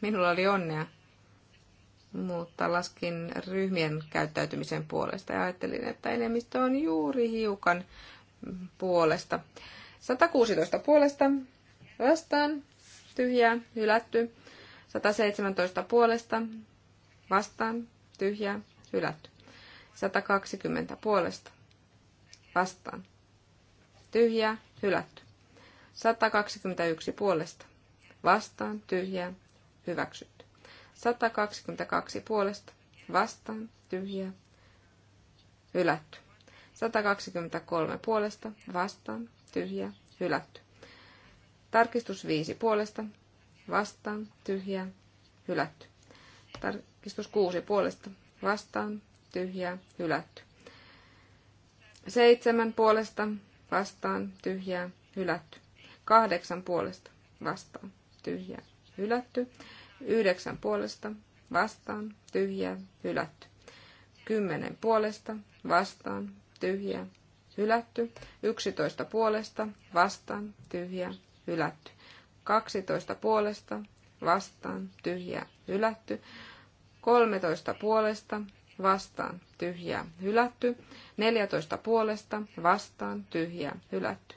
Minulla oli onnea, mutta laskin ryhmien käyttäytymisen puolesta ja ajattelin, että enemmistö on juuri hiukan puolesta. 116 puolesta vastaan, tyhjää, hylätty. 117 puolesta vastaan, tyhjää, hylätty. 120 puolesta vastaan, tyhjää, hylätty. 121 puolesta vastaan, tyhjää, hyväksytty. 122 puolesta vastaan tyhjä hylätty. 123 puolesta vastaan tyhjä hylätty. Tarkistus 5 puolesta vastaan tyhjä hylätty. Tarkistus 6 puolesta vastaan tyhjä hylätty. 7 puolesta vastaan tyhjä hylätty. 8 puolesta vastaan tyhjä hylätty. Yhdeksän puolesta vastaan tyhjä hylätty. Kymmenen puolesta vastaan tyhjä hylätty. Yksitoista puolesta vastaan tyhjä, hylätty. Kaksitoista puolesta vastaan tyhjä, hylätty. Kolmetoista puolesta, vastaan, tyhjä, hylätty. Neljätoista puolesta, vastaan, tyhjä, hylätty.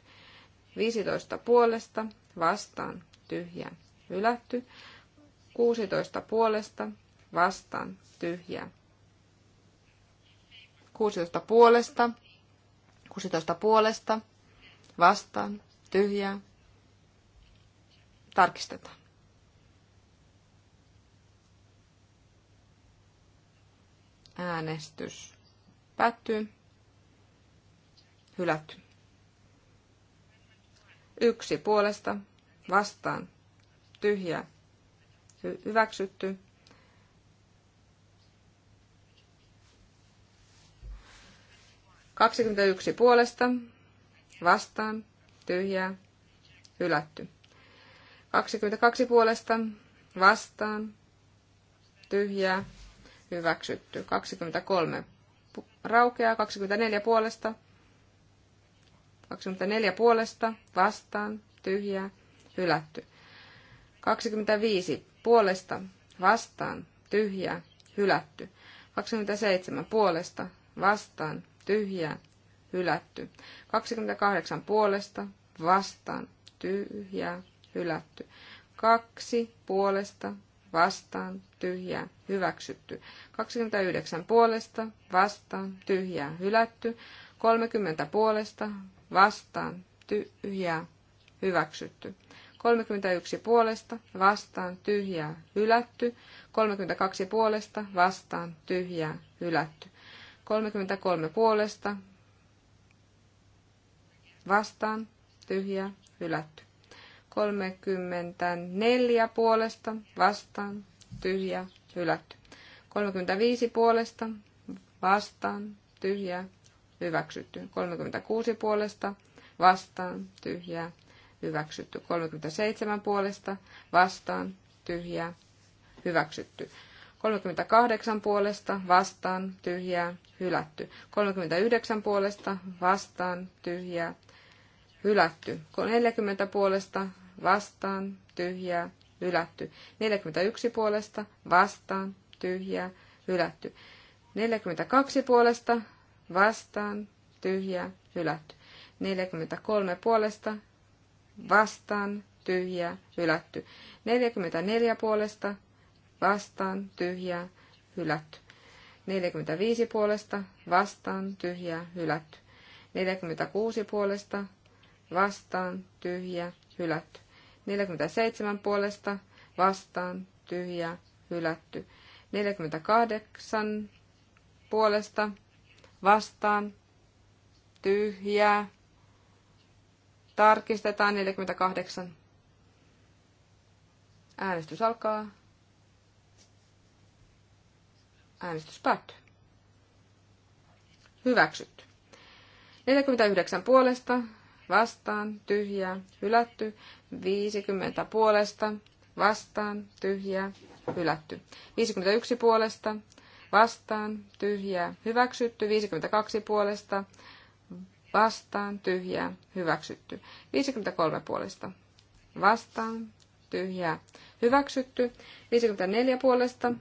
15 puolesta, vastaan, tyhjä hylätty. 16 puolesta vastaan tyhjää. 16 puolesta, 16 puolesta vastaan tyhjää. Tarkistetaan. Äänestys päättyy. Hylätty. Yksi puolesta vastaan tyhjä, hyväksytty. yksi puolesta vastaan tyhjää hylätty. 22 puolesta vastaan tyhjä, hyväksytty. 23 raukeaa 24 puolesta 24 puolesta vastaan tyhjä, hylätty. 25 puolesta vastaan tyhjää hylätty. 27 puolesta vastaan tyhjää hylätty. 28 puolesta vastaan tyhjää hylätty. 2 puolesta vastaan tyhjää hyväksytty. 29 puolesta vastaan tyhjää hylätty. 30 puolesta vastaan tyhjää hyväksytty. 31 puolesta, vastaan, tyhjää, hylätty. 32 puolesta, vastaan, tyhjää, hylätty. 33 puolesta, vastaan, tyhjää, hylätty. 34 puolesta, vastaan, tyhjää, hylätty. 35 puolesta, vastaan, tyhjää, hyväksytty. 36 puolesta, vastaan, tyhjää, hyväksytty. 37 puolesta vastaan tyhjää hyväksytty. 38 puolesta vastaan tyhjää hylätty. 39 puolesta vastaan tyhjää hylätty. 40 puolesta vastaan tyhjää hylätty. 41 puolesta vastaan tyhjää hylätty. 42 puolesta vastaan tyhjää hylätty. 43 puolesta vastaan, tyhjä hylätty. 44 puolesta, vastaan, tyhjä hylätty. 45 puolesta, vastaan, tyhjä hylätty. 46 puolesta, vastaan, tyhjä, hylätty. 47 puolesta, vastaan, tyhjä, hylätty. 48 puolesta, vastaan, tyhjä Tarkistetaan 48. Äänestys alkaa. Äänestys päättyy. Hyväksytty. 49 puolesta, vastaan, tyhjää, hylätty. 50 puolesta, vastaan, tyhjää, hylätty. 51 puolesta, vastaan, tyhjää, hyväksytty. 52 puolesta, vastaan, tyhjää, hyväksytty. 53 puolesta vastaan, tyhjää, hyväksytty. 54 puolesta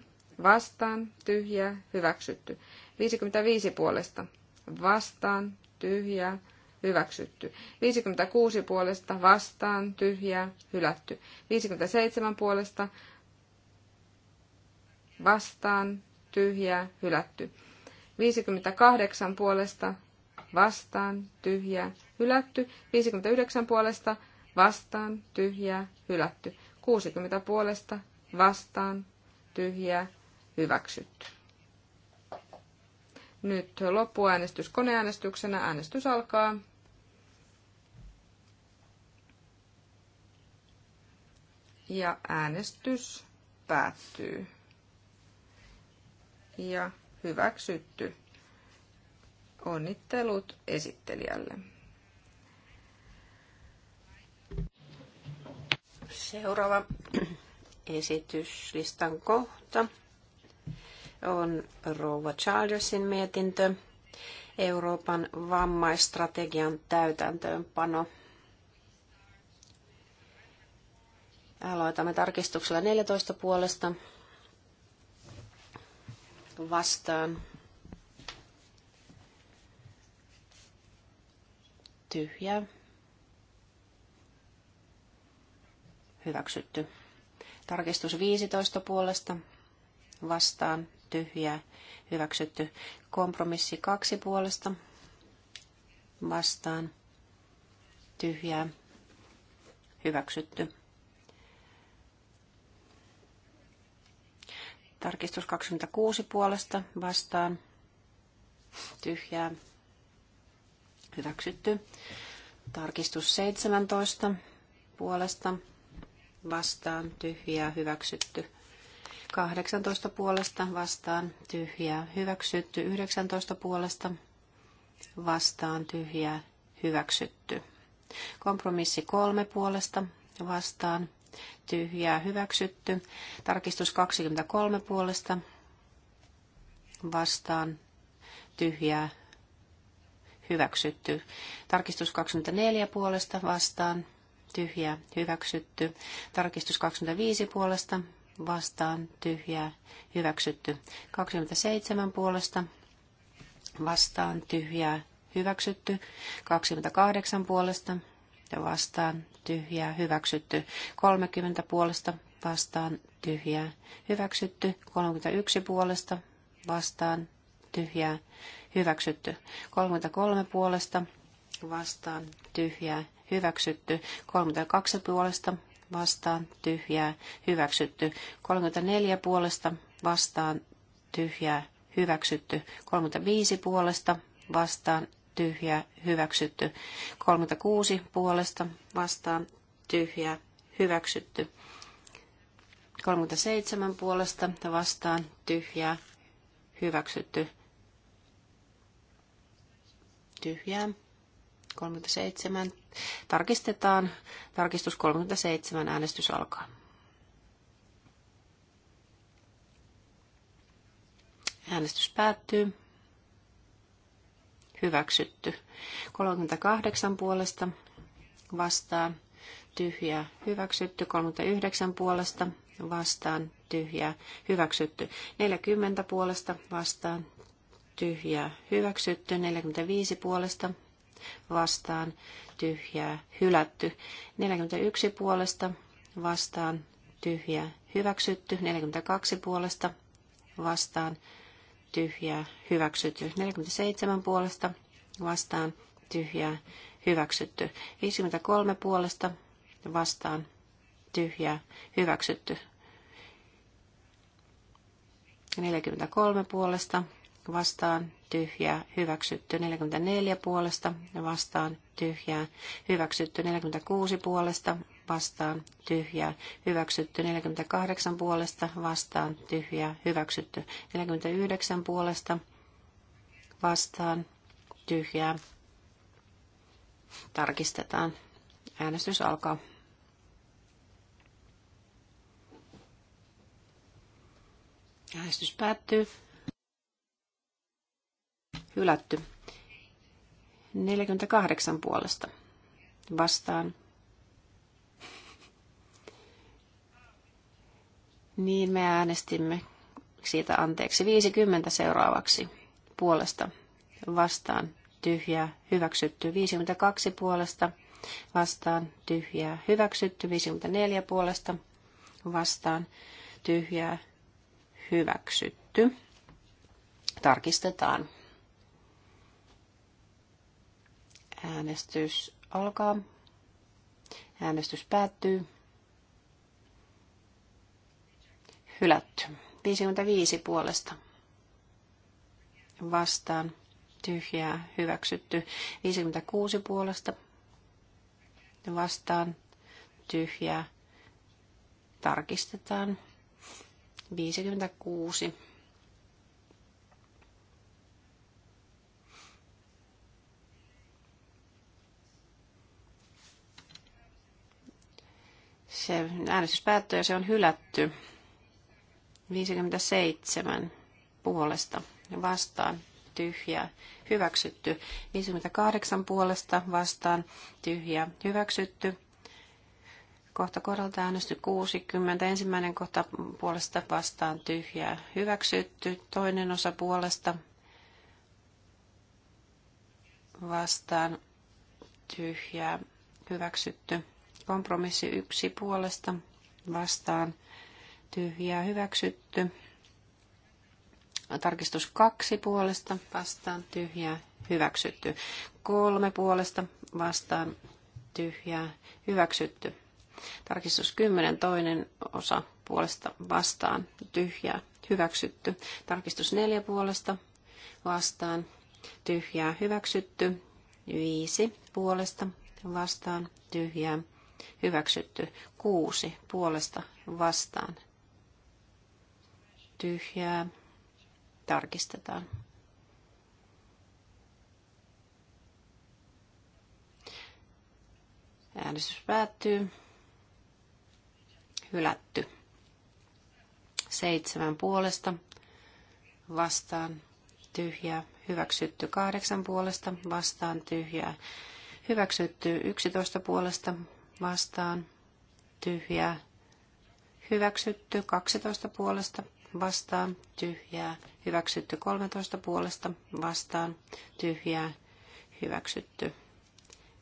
vastaan, tyhjää, hyväksytty. 55 puolesta vastaan, tyhjää, hyväksytty. 56 puolesta vastaan, tyhjää, hylätty. 57 puolesta vastaan, tyhjää, hylätty. 58 puolesta vastaan, tyhjä hylätty. 59 puolesta vastaan, tyhjä hylätty. 60 puolesta vastaan, tyhjä hyväksytty. Nyt loppuäänestys koneäänestyksenä. Äänestys alkaa. Ja äänestys päättyy. Ja hyväksytty. Onnittelut esittelijälle. Seuraava esityslistan kohta on Rouva Charlesin mietintö Euroopan vammaistrategian täytäntöönpano. Aloitamme tarkistuksella 14 puolesta vastaan tyhjä Hyväksytty. Tarkistus 15 puolesta. Vastaan. tyhjä Hyväksytty. Kompromissi 2 puolesta. Vastaan. tyhjä Hyväksytty. Tarkistus 26 puolesta vastaan. Tyhjää. Hyväksytty. Tarkistus 17 puolesta vastaan tyhjää hyväksytty. 18 puolesta vastaan tyhjää hyväksytty. 19 puolesta vastaan tyhjää hyväksytty. Kompromissi 3 puolesta vastaan tyhjää hyväksytty. Tarkistus 23 puolesta vastaan tyhjää hyväksytty. Tarkistus 24 puolesta vastaan, tyhjää, hyväksytty. Tarkistus 25 puolesta vastaan, tyhjää, hyväksytty. 27 puolesta vastaan, tyhjää, hyväksytty. 28 puolesta vastaan, tyhjää, hyväksytty. 30 puolesta vastaan, tyhjää, hyväksytty. 31 puolesta vastaan, tyhjää, hyväksytty. 33 puolesta vastaan tyhjää hyväksytty. 32 puolesta vastaan tyhjää hyväksytty. 34 puolesta vastaan tyhjää hyväksytty. 35 puolesta vastaan tyhjää hyväksytty. 36 puolesta vastaan tyhjää hyväksytty. 37 puolesta vastaan tyhjää hyväksytty tyhjää. 37. Tarkistetaan. Tarkistus 37. Äänestys alkaa. Äänestys päättyy. Hyväksytty. 38 puolesta vastaan tyhjää. Hyväksytty. 39 puolesta vastaan tyhjää. Hyväksytty. 40 puolesta vastaan tyhjää hyväksytty, 45 puolesta vastaan tyhjää hylätty, 41 puolesta vastaan tyhjää hyväksytty, 42 puolesta vastaan tyhjää hyväksytty, 47 puolesta vastaan tyhjää hyväksytty, 53 puolesta vastaan tyhjää hyväksytty, 43 puolesta vastaan tyhjää, hyväksytty 44 puolesta, vastaan tyhjää, hyväksytty 46 puolesta, vastaan tyhjää, hyväksytty 48 puolesta, vastaan tyhjää, hyväksytty 49 puolesta, vastaan tyhjää. Tarkistetaan. Äänestys alkaa. Äänestys päättyy. Hylätty. 48 puolesta. Vastaan. Niin me äänestimme siitä anteeksi. 50 seuraavaksi puolesta vastaan tyhjää hyväksytty. 52 puolesta vastaan tyhjää hyväksytty. 54 puolesta vastaan tyhjää hyväksytty. Tarkistetaan. Äänestys alkaa. Äänestys päättyy. Hylätty. 55 puolesta. Vastaan. Tyhjää. Hyväksytty. 56 puolesta. Vastaan. Tyhjää. Tarkistetaan. 56. Se äänestys päättyi ja se on hylätty. 57 puolesta vastaan tyhjää hyväksytty. 58 puolesta vastaan tyhjää hyväksytty. Kohta kohdalta äänesty 60. Ensimmäinen kohta puolesta vastaan tyhjää hyväksytty. Toinen osa puolesta vastaan tyhjää hyväksytty. Kompromissi yksi puolesta vastaan tyhjää hyväksytty. Tarkistus kaksi puolesta vastaan tyhjää hyväksytty. Kolme puolesta vastaan tyhjää hyväksytty. Tarkistus 10 toinen osa puolesta vastaan tyhjää hyväksytty. Tarkistus 4 puolesta vastaan tyhjää hyväksytty. 5 puolesta vastaan tyhjää hyväksytty. Kuusi puolesta vastaan tyhjää. Tarkistetaan. Äänestys päättyy. Hylätty. Seitsemän puolesta vastaan tyhjää. Hyväksytty kahdeksan puolesta vastaan tyhjää. Hyväksytty yksitoista puolesta vastaan tyhjää hyväksytty 12 puolesta vastaan tyhjää hyväksytty 13 puolesta vastaan tyhjää hyväksytty.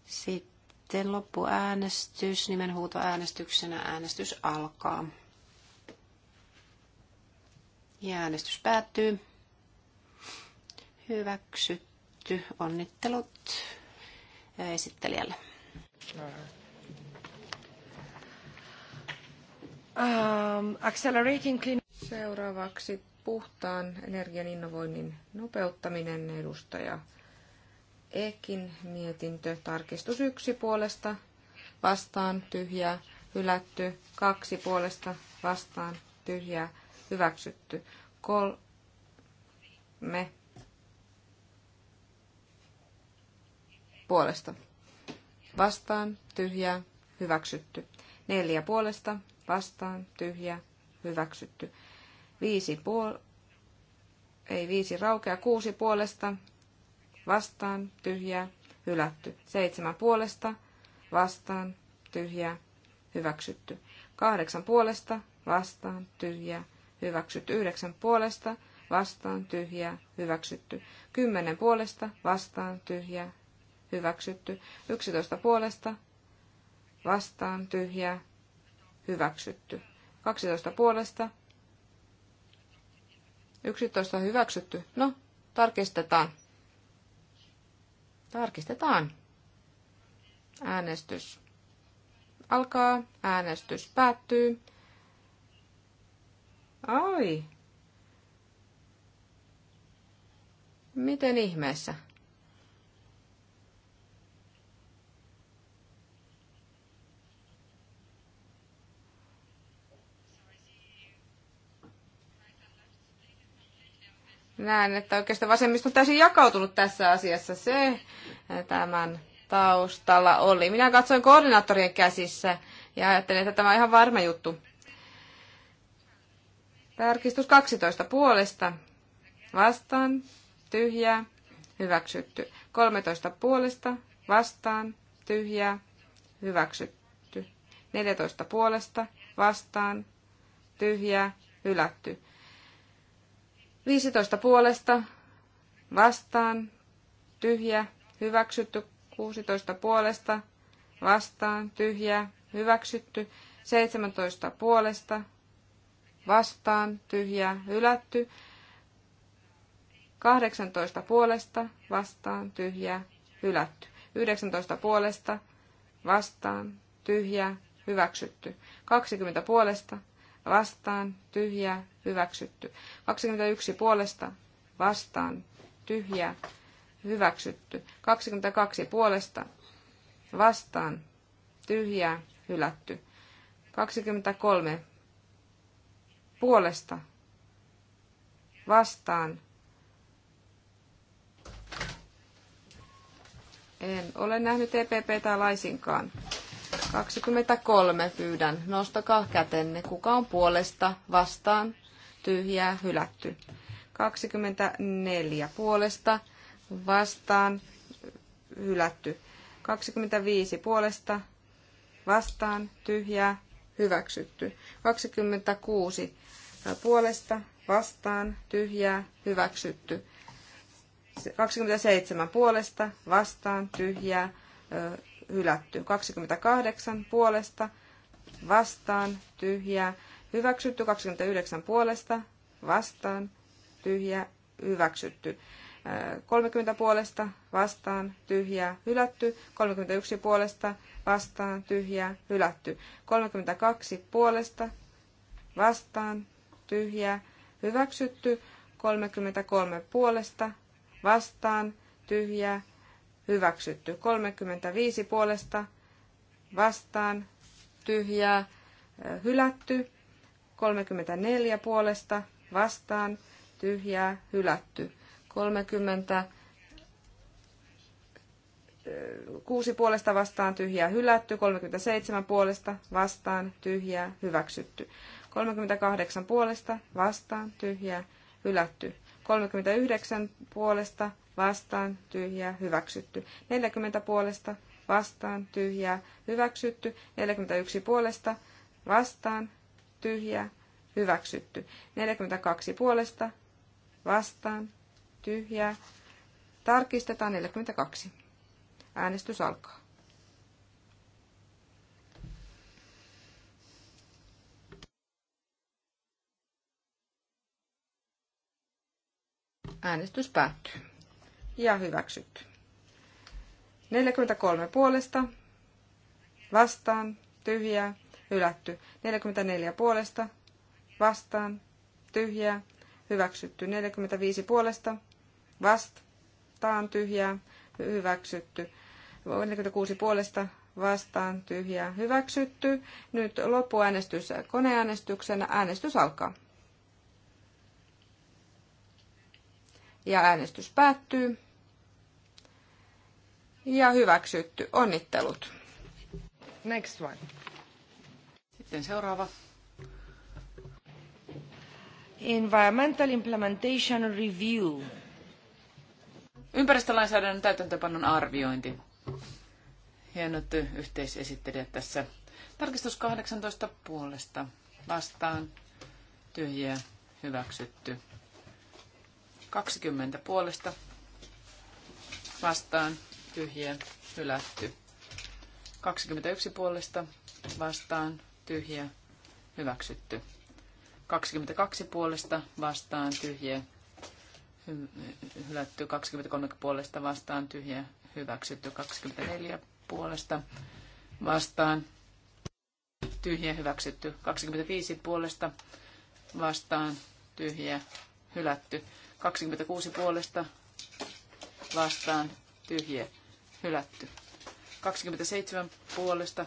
Sitten loppuäänestys nimenhuutoäänestyksenä äänestys alkaa. Ja äänestys päättyy. Hyväksytty. Onnittelut esittelijälle. Um, accelerating clean... Seuraavaksi puhtaan energian innovoinnin nopeuttaminen edustaja Ekin mietintö. Tarkistus yksi puolesta vastaan tyhjää hylätty. Kaksi puolesta vastaan tyhjää hyväksytty. Kolme puolesta vastaan tyhjää hyväksytty. Neljä puolesta vastaan, tyhjä, hyväksytty. Viisi puol... Ei viisi raukea, kuusi puolesta, vastaan, tyhjä, hylätty. Seitsemän puolesta, vastaan, tyhjä, hyväksytty. Kahdeksan puolesta, vastaan, tyhjä, hyväksytty. Yhdeksän puolesta, vastaan, tyhjä, hyväksytty. Kymmenen puolesta, vastaan, tyhjä, hyväksytty. Yksitoista puolesta, vastaan, tyhjä, hyväksytty. 12 puolesta, 11 hyväksytty. No, tarkistetaan. Tarkistetaan. Äänestys alkaa, äänestys päättyy. Ai. Miten ihmeessä? näen, että oikeastaan vasemmisto on täysin jakautunut tässä asiassa. Se eh, tämän taustalla oli. Minä katsoin koordinaattorien käsissä ja ajattelin, että tämä on ihan varma juttu. Tarkistus 12 puolesta. Vastaan. tyhjä Hyväksytty. 13 puolesta. Vastaan. tyhjä Hyväksytty. 14 puolesta. Vastaan. tyhjä Hylätty. 15 puolesta vastaan tyhjä hyväksytty. 16 puolesta vastaan tyhjä hyväksytty. 17 puolesta vastaan tyhjä hylätty. 18 puolesta vastaan tyhjä hylätty. 19 puolesta vastaan tyhjä hyväksytty. 20 puolesta vastaan, tyhjä hyväksytty. 21 puolesta, vastaan, tyhjä hyväksytty. 22 puolesta, vastaan, tyhjä, hylätty. 23 puolesta, vastaan, en ole nähnyt EPPtä laisinkaan. 23 pyydän. Nostakaa kätenne. Kuka on puolesta? Vastaan. Tyhjää. Hylätty. 24 puolesta. Vastaan. Hylätty. 25 puolesta. Vastaan. Tyhjää. Hyväksytty. 26 puolesta. Vastaan. Tyhjää. Hyväksytty. 27 puolesta. Vastaan. Tyhjää hylätty. 28 puolesta vastaan tyhjää hyväksytty. 29 puolesta vastaan tyhjää hyväksytty. 30 äh, puolesta vastaan tyhjää hylätty. 31 puolesta vastaan tyhjää hylätty. 32 puolesta vastaan tyhjää hyväksytty. 33 puolesta vastaan tyhjää hyväksytty. 35 puolesta vastaan tyhjää hylätty. 34 puolesta vastaan tyhjää hylätty. 30 6 puolesta vastaan tyhjää hylätty, 37 puolesta vastaan tyhjää hyväksytty, 38 puolesta vastaan tyhjää hylätty, 39 puolesta vastaan tyhjää hyväksytty. 40 puolesta vastaan tyhjää hyväksytty. 41 puolesta vastaan tyhjää hyväksytty. 42 puolesta vastaan tyhjää. Tarkistetaan 42. Äänestys alkaa. Äänestys päättyy. Ja hyväksytty. 43 puolesta. Vastaan. Tyhjää. Hylätty. 44 puolesta. Vastaan. Tyhjää. Hyväksytty. 45 puolesta. Vastaan. Tyhjää. Hyväksytty. 46 puolesta vastaan tyhjää hyväksytty. Nyt loppuäänestys koneäänestyksenä. Äänestys alkaa. Ja äänestys päättyy. Ja hyväksytty. Onnittelut. Next one. Sitten seuraava. Environmental Implementation Review. Ympäristölainsäädännön täytäntöpannon arviointi. Hienot yhteisesittelijät tässä. Tarkistus 18 puolesta vastaan. Tyhjiä hyväksytty. 20 puolesta vastaan tyhjiä hylätty. 21 puolesta vastaan tyhjiä hyväksytty. 22 puolesta vastaan tyhjiä hylätty. 23 puolesta vastaan tyhjiä hyväksytty. 24 puolesta vastaan tyhjiä hyväksytty. 25 puolesta vastaan tyhjiä hylätty. 26 puolesta vastaan tyhjä, hylätty. 27 puolesta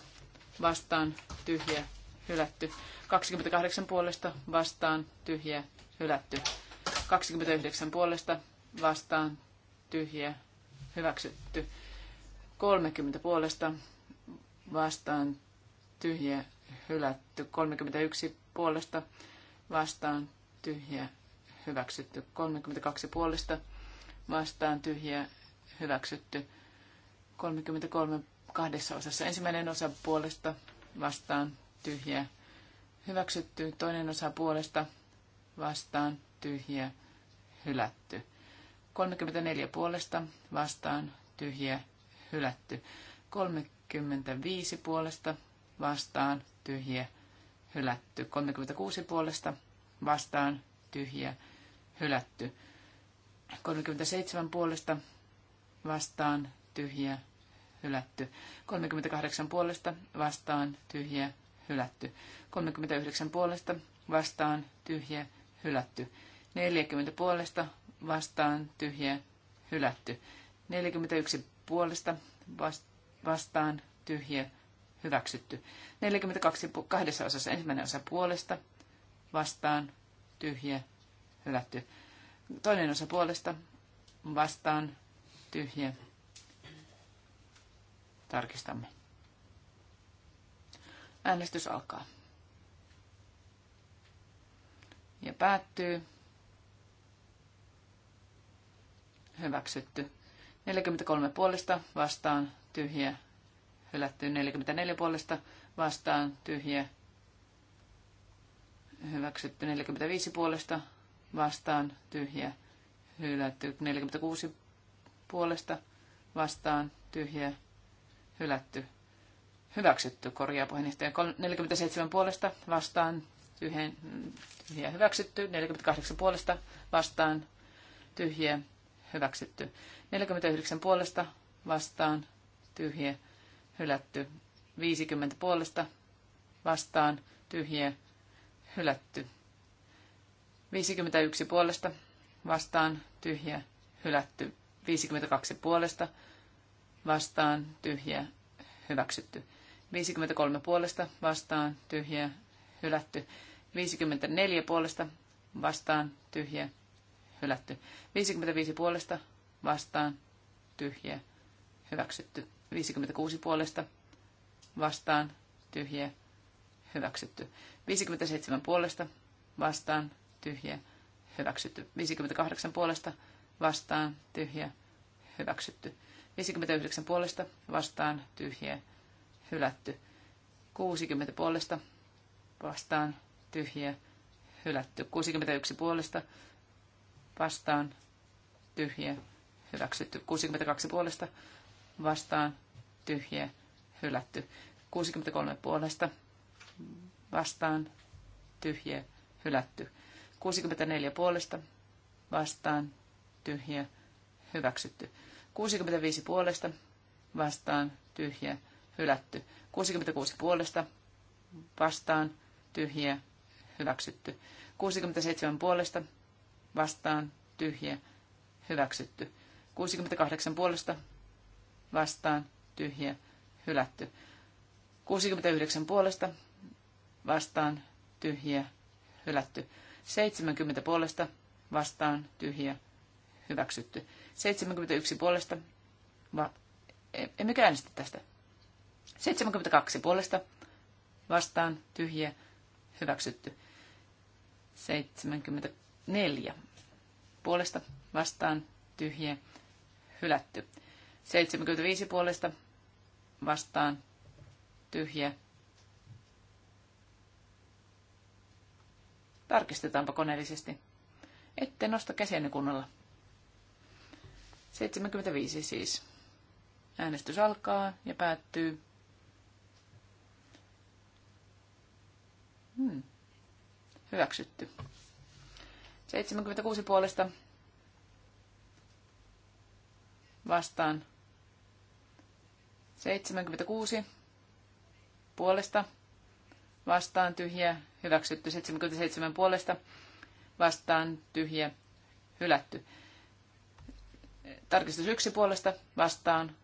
vastaan tyhjä, hylätty. 28 puolesta vastaan tyhjä, hylätty. 29 puolesta vastaan tyhjä, hyväksytty. 30 puolesta vastaan tyhjä, hylätty. 31 puolesta vastaan tyhjä, hyväksytty. 32 puolesta vastaan tyhjä hyväksytty. 33 kahdessa osassa. Ensimmäinen osa puolesta vastaan tyhjä hyväksytty. Toinen osa puolesta vastaan tyhjä hylätty. 34 puolesta vastaan tyhjä hylätty. 35 puolesta vastaan tyhjä hylätty. 36 puolesta vastaan tyhjä hylätty hylätty. 37 puolesta vastaan tyhjä hylätty. 38 puolesta vastaan tyhjä hylätty. 39 puolesta vastaan tyhjä hylätty. 40 puolesta vastaan tyhjä hylätty. 41 puolesta vastaan tyhjä hyväksytty. 42 kahdessa osassa ensimmäinen osa puolesta vastaan tyhjä hylätty. Toinen osa puolesta vastaan tyhjä. Tarkistamme. Äänestys alkaa. Ja päättyy. Hyväksytty. 43 puolesta vastaan tyhjä. Hylätty 44 puolesta vastaan tyhjä. Hyväksytty 45 puolesta vastaan tyhjä hylätty. 46 puolesta vastaan tyhjä hylätty. Hyväksytty korjaa puheenjohtaja. 47 puolesta vastaan tyhjä, tyhjä hyväksytty. 48 puolesta vastaan tyhjä hyväksytty. 49 puolesta vastaan tyhjä hylätty. 50 puolesta vastaan tyhjä hylätty. 51 puolesta vastaan tyhjä hylätty. 52 puolesta vastaan tyhjä hyväksytty. 53 puolesta vastaan tyhjä hylätty. 54 puolesta vastaan tyhjä hylätty. 55 puolesta vastaan tyhjä hyväksytty. 56 puolesta vastaan tyhjä hyväksytty. 57 puolesta vastaan tyhjä, hyväksytty. 58 puolesta vastaan, tyhjä, hyväksytty. 59 puolesta vastaan, tyhjä, hylätty. 60 puolesta vastaan, tyhjä, hylätty. 61 puolesta vastaan, tyhjä, hyväksytty. 62 puolesta vastaan, tyhjä, hylätty. 63 puolesta vastaan, tyhjä, hylätty. 64 puolesta vastaan tyhjä hyväksytty. 65 puolesta vastaan tyhjä hylätty. 66 puolesta vastaan tyhjä hyväksytty. 67 puolesta vastaan tyhjä hyväksytty. 68 puolesta vastaan tyhjä hylätty. 69 puolesta vastaan tyhjä hylätty. 70 puolesta vastaan tyhjä hyväksytty. 71 puolesta, va, e, emme äänestä tästä. 72 puolesta vastaan tyhjä hyväksytty. 74 puolesta vastaan tyhjä hylätty. 75 puolesta vastaan tyhjä Tarkistetaanpa koneellisesti. Ette nosta käsiäni kunnolla. 75 siis. Äänestys alkaa ja päättyy. Hmm. Hyväksytty. 76 puolesta vastaan. 76 puolesta vastaan tyhjä hyväksytty. 77 puolesta vastaan tyhjä hylätty. Tarkistus 1 puolesta vastaan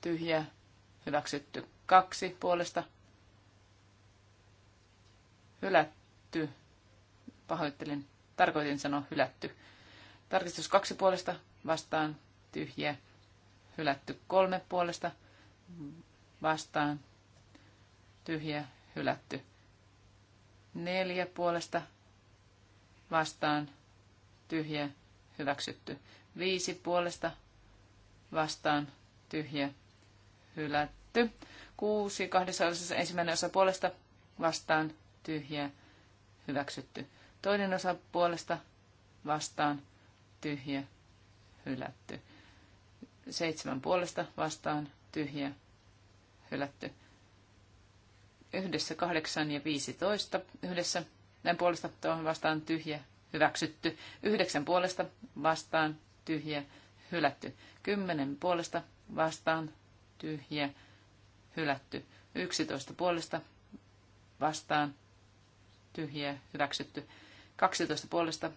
tyhjä hyväksytty. 2 puolesta hylätty. Pahoittelin, tarkoitin sanoa hylätty. Tarkistus 2 puolesta vastaan tyhjä hylätty. 3 puolesta vastaan tyhjä hylätty. Neljä puolesta vastaan tyhjä hyväksytty. Viisi puolesta vastaan tyhjä hylätty. Kuusi kahdessa osassa ensimmäinen osa puolesta vastaan tyhjä hyväksytty. Toinen osa puolesta vastaan tyhjä hylätty. Seitsemän puolesta vastaan tyhjä hylätty yhdessä 8 ja 15 yhdessä. Näin puolesta tuohon vastaan tyhjä, hyväksytty. yhdeksän puolesta vastaan tyhjä, hylätty. Kymmenen puolesta vastaan tyhjä, hylätty. yksitoista puolesta vastaan tyhjä, hyväksytty. kaksitoista puolesta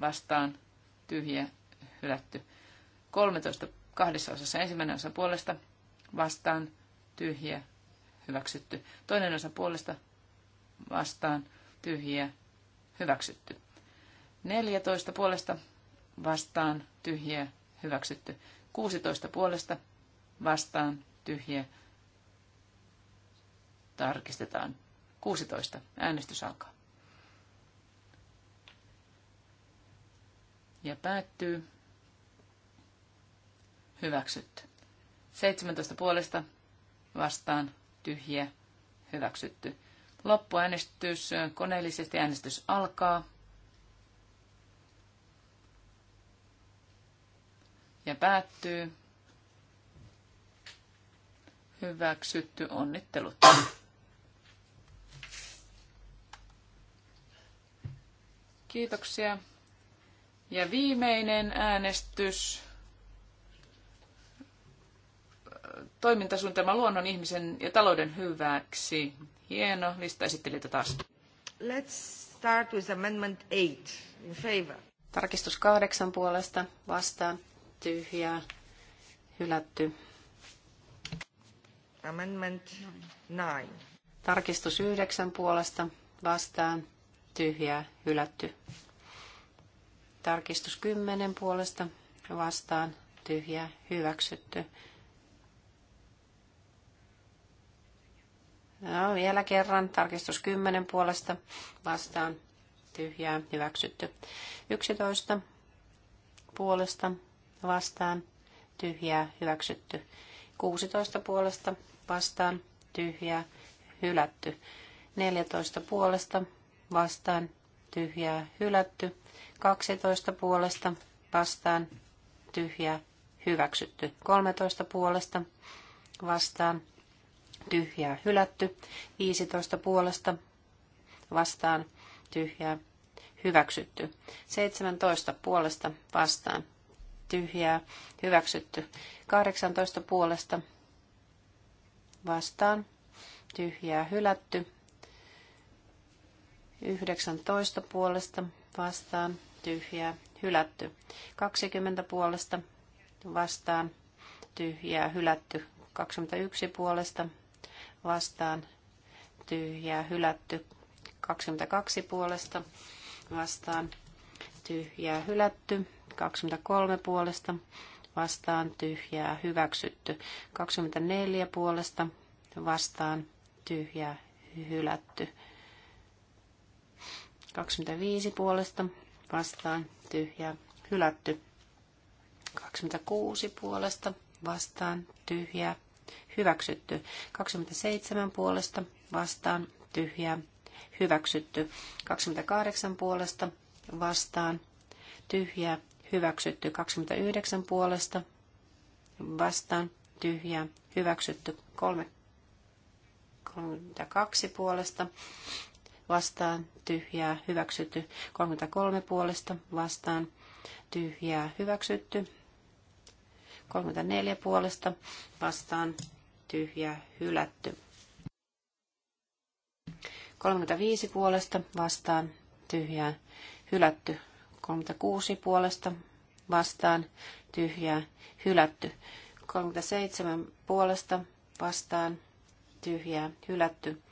vastaan tyhjä, hylätty. kolmetoista kahdessa osassa ensimmäinen osa puolesta vastaan tyhjä, hyväksytty. Toinen osa puolesta vastaan tyhjiä hyväksytty. 14 puolesta vastaan tyhjiä hyväksytty. 16 puolesta vastaan tyhjiä tarkistetaan. 16. Äänestys alkaa. Ja päättyy. Hyväksytty. 17 puolesta vastaan tyhjä hyväksytty. Loppuäänestys koneellisesti äänestys alkaa. Ja päättyy. Hyväksytty. Onnittelut. Kiitoksia. Ja viimeinen äänestys. toimintasuunnitelma luonnon, ihmisen ja talouden hyväksi. Hieno, lista esittelijöitä taas. Let's start with amendment in favor. Tarkistus kahdeksan puolesta vastaan tyhjää hylätty. Amendment nine. Tarkistus yhdeksän puolesta vastaan tyhjää hylätty. Tarkistus kymmenen puolesta vastaan tyhjää hyväksytty. No, vielä kerran. Tarkistus 10 puolesta vastaan. Tyhjää. Hyväksytty. 11 puolesta vastaan. Tyhjää. Hyväksytty. 16 puolesta vastaan. Tyhjää. Hylätty. 14 puolesta vastaan. Tyhjää. Hylätty. 12 puolesta vastaan. Tyhjää. Hyväksytty. 13 puolesta vastaan tyhjää hylätty, 15 puolesta vastaan tyhjää hyväksytty, 17 puolesta vastaan tyhjää hyväksytty, 18 puolesta vastaan tyhjää hylätty, 19 puolesta vastaan tyhjää hylätty, 20 puolesta vastaan tyhjää hylätty, 21 puolesta vastaan tyhjää hylätty 22 puolesta vastaan tyhjää hylätty 23 puolesta vastaan tyhjää hyväksytty 24 puolesta vastaan tyhjää hylätty 25 puolesta vastaan tyhjää hylätty 26 puolesta vastaan tyhjää hyväksytty. 27 puolesta vastaan tyhjää, hyväksytty. 28 puolesta vastaan tyhjää, hyväksytty. 29 puolesta vastaan tyhjää, hyväksytty. 32 puolesta vastaan tyhjää, hyväksytty. 33 puolesta vastaan tyhjää, hyväksytty. 34 puolesta vastaan tyhjä hylätty. 35 puolesta vastaan tyhjää hylätty. 36 puolesta vastaan tyhjää hylätty. 37 puolesta vastaan tyhjää hylätty.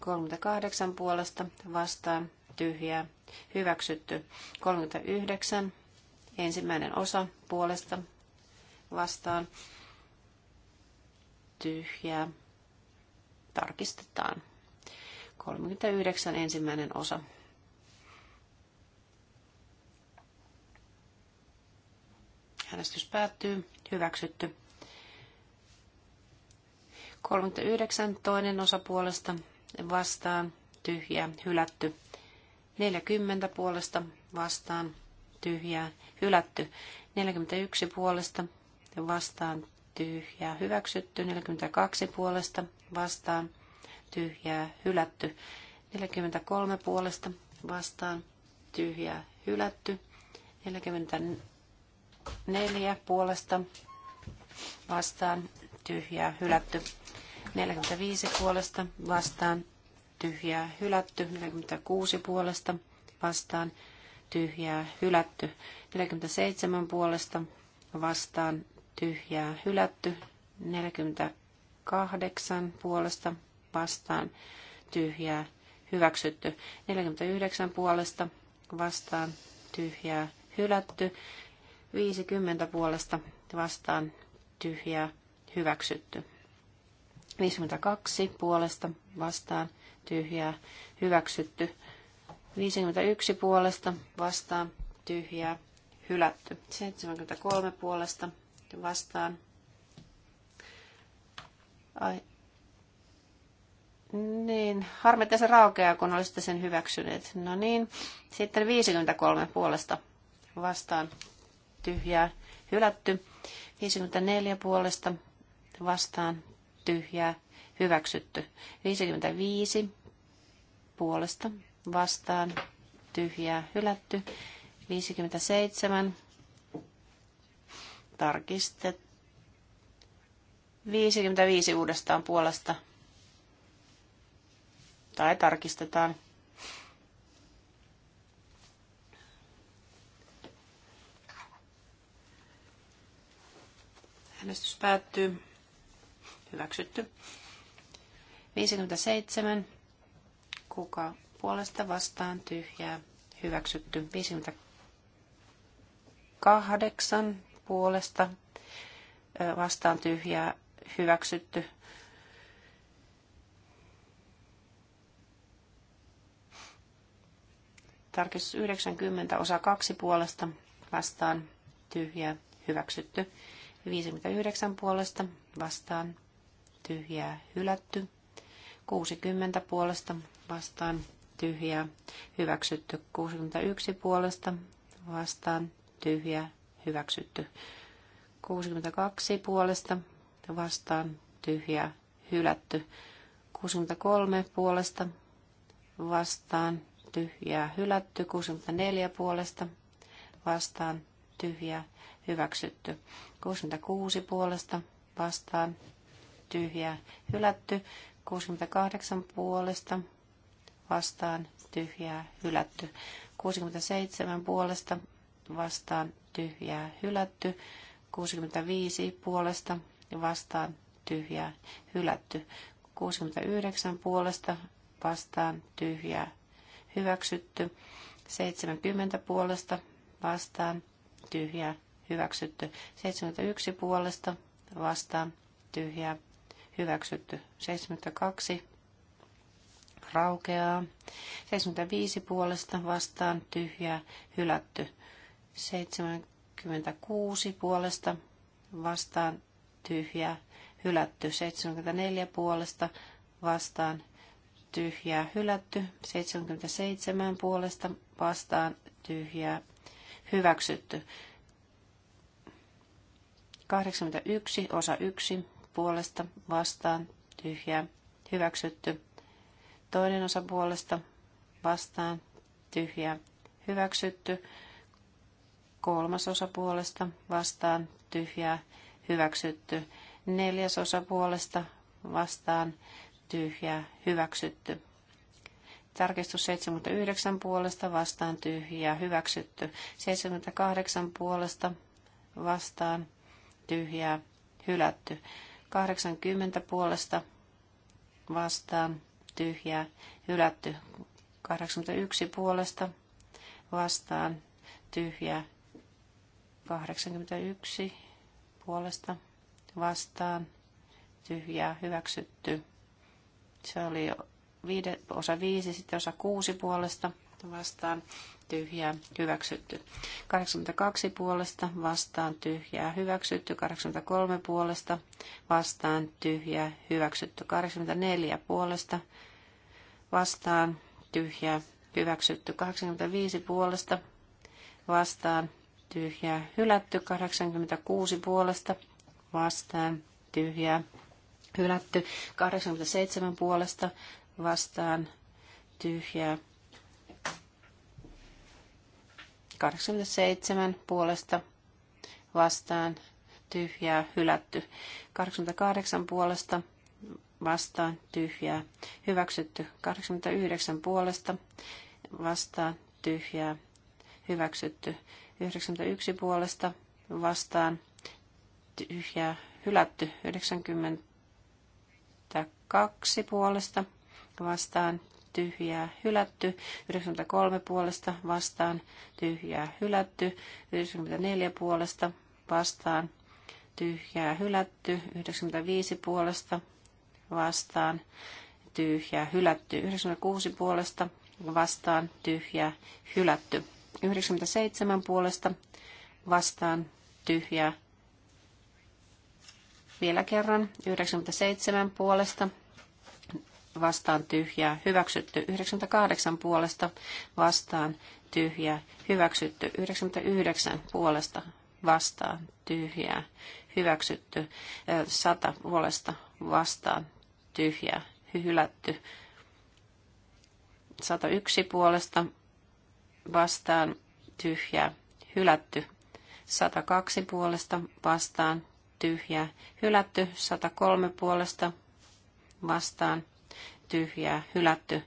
38 puolesta vastaan tyhjää hyväksytty. 39 ensimmäinen osa puolesta vastaan tyhjää. Tarkistetaan. 39 ensimmäinen osa. Äänestys päättyy. Hyväksytty. 39 toinen osa puolesta vastaan tyhjää hylätty. 40 puolesta vastaan tyhjää hylätty. 41 puolesta vastaan tyhjää hyväksytty, 42 puolesta vastaan tyhjää hylätty, 43 puolesta vastaan tyhjää hylätty, 44 puolesta vastaan tyhjää hylätty, 45 puolesta vastaan tyhjää hylätty, 46 puolesta vastaan tyhjää hylätty, 47 puolesta vastaan tyhjää hylätty, 48 puolesta vastaan tyhjää hyväksytty, 49 puolesta vastaan tyhjää hylätty, 50 puolesta vastaan tyhjää hyväksytty. 52 puolesta vastaan tyhjää hyväksytty. 51 puolesta vastaan tyhjää hylätty. 73 puolesta vastaan. Ai. Niin, harmi, että se raukeaa, kun olisitte sen hyväksyneet. No niin, sitten 53 puolesta vastaan tyhjää hylätty. 54 puolesta vastaan tyhjää hyväksytty. 55 puolesta vastaan tyhjää hylätty. 57 Tarkistet. 55 uudestaan puolesta. Tai tarkistetaan. Äänestys päättyy. Hyväksytty. 57. Kuka puolesta vastaan tyhjää. Hyväksytty. 58 puolesta vastaan tyhjää hyväksytty. Tarkistus 90 osa 2 puolesta vastaan tyhjää hyväksytty. 59 puolesta vastaan tyhjää hylätty. 60 puolesta vastaan tyhjää hyväksytty. 61 puolesta vastaan tyhjää hyväksytty. 62 puolesta vastaan tyhjää hylätty. 63 puolesta vastaan tyhjää hylätty. 64 puolesta vastaan tyhjää hyväksytty. 66 puolesta vastaan tyhjää hylätty. 68 puolesta vastaan tyhjää hylätty. 67 puolesta vastaan tyhjää hylätty. 65 puolesta vastaan tyhjää hylätty. 69 puolesta vastaan tyhjää hyväksytty. 70 puolesta vastaan tyhjää hyväksytty. 71 puolesta vastaan tyhjää hyväksytty. 72 raukeaa. 75 puolesta vastaan tyhjää hylätty. 76 puolesta vastaan tyhjää, hylätty 74 puolesta vastaan tyhjää, hylätty 77 puolesta vastaan tyhjää, hyväksytty 81 osa 1 puolesta vastaan tyhjää, hyväksytty toinen osa puolesta vastaan tyhjää, hyväksytty Kolmas puolesta vastaan tyhjää hyväksytty. Neljäs puolesta vastaan tyhjää hyväksytty. Tarkistus 79 puolesta vastaan tyhjää hyväksytty. 78 puolesta vastaan tyhjää hylätty. 80 puolesta vastaan tyhjää hylätty. 81 puolesta vastaan tyhjää 81 puolesta vastaan tyhjää hyväksytty. Se oli viide, osa 5, sitten osa 6 puolesta vastaan tyhjää hyväksytty. 82 puolesta vastaan tyhjää hyväksytty. 83 puolesta vastaan tyhjää hyväksytty. 84 puolesta vastaan tyhjää hyväksytty. 85 puolesta vastaan tyhjää hylätty, 86 puolesta vastaan tyhjää hylätty, 87 puolesta vastaan tyhjää 87 puolesta vastaan tyhjää hylätty, 88 puolesta vastaan tyhjää hyväksytty, 89 puolesta vastaan tyhjää hyväksytty, 91 puolesta vastaan tyhjää hylätty 92 puolesta vastaan tyhjää hylätty 93 puolesta vastaan tyhjää hylätty 94 puolesta vastaan tyhjää hylätty 95 puolesta vastaan tyhjää hylätty 96 puolesta vastaan tyhjää hylätty 97 puolesta vastaan tyhjää. Vielä kerran 97 puolesta vastaan tyhjää, hyväksytty 98 puolesta vastaan tyhjää, hyväksytty 99 puolesta vastaan tyhjää, hyväksytty 100 puolesta vastaan tyhjää, hylätty 101 puolesta vastaan tyhjä hylätty. 102 puolesta vastaan tyhjä, hylätty. 103 puolesta vastaan tyhjä, hylätty.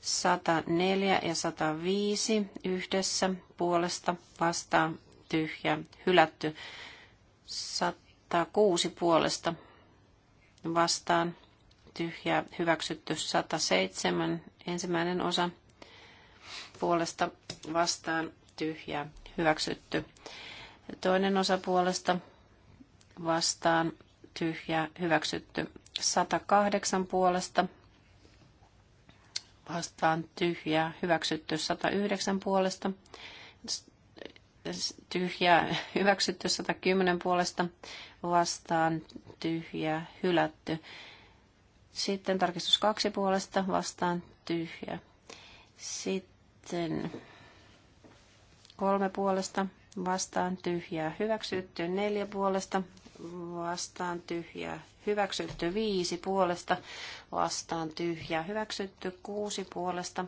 104 ja 105 yhdessä puolesta vastaan tyhjä hylätty. 106 puolesta vastaan tyhjä, hyväksytty. 107 ensimmäinen osa puolesta vastaan tyhjä hyväksytty. Toinen osa puolesta vastaan tyhjä hyväksytty. 108 puolesta vastaan tyhjä hyväksytty. 109 puolesta tyhjä hyväksytty. 110 puolesta vastaan tyhjä hylätty. Sitten tarkistus kaksi puolesta vastaan tyhjä. Sitten sitten kolme puolesta vastaan tyhjää hyväksytty, neljä puolesta vastaan tyhjää hyväksytty, viisi puolesta vastaan tyhjää hyväksytty, kuusi puolesta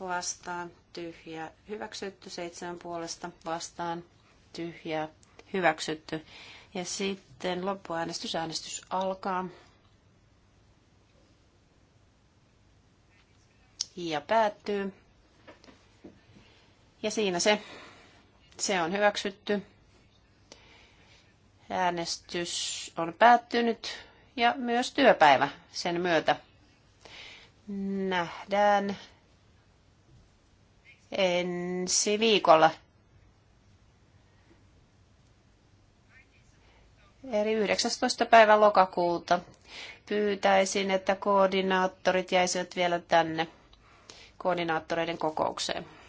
vastaan tyhjää hyväksytty, seitsemän puolesta vastaan tyhjää hyväksytty. Ja sitten loppuäänestys, äänestys alkaa. Ja päättyy. Ja siinä se. Se on hyväksytty. Äänestys on päättynyt ja myös työpäivä sen myötä. Nähdään ensi viikolla. Eli 19. päivä lokakuuta pyytäisin, että koordinaattorit jäisivät vielä tänne koordinaattoreiden kokoukseen.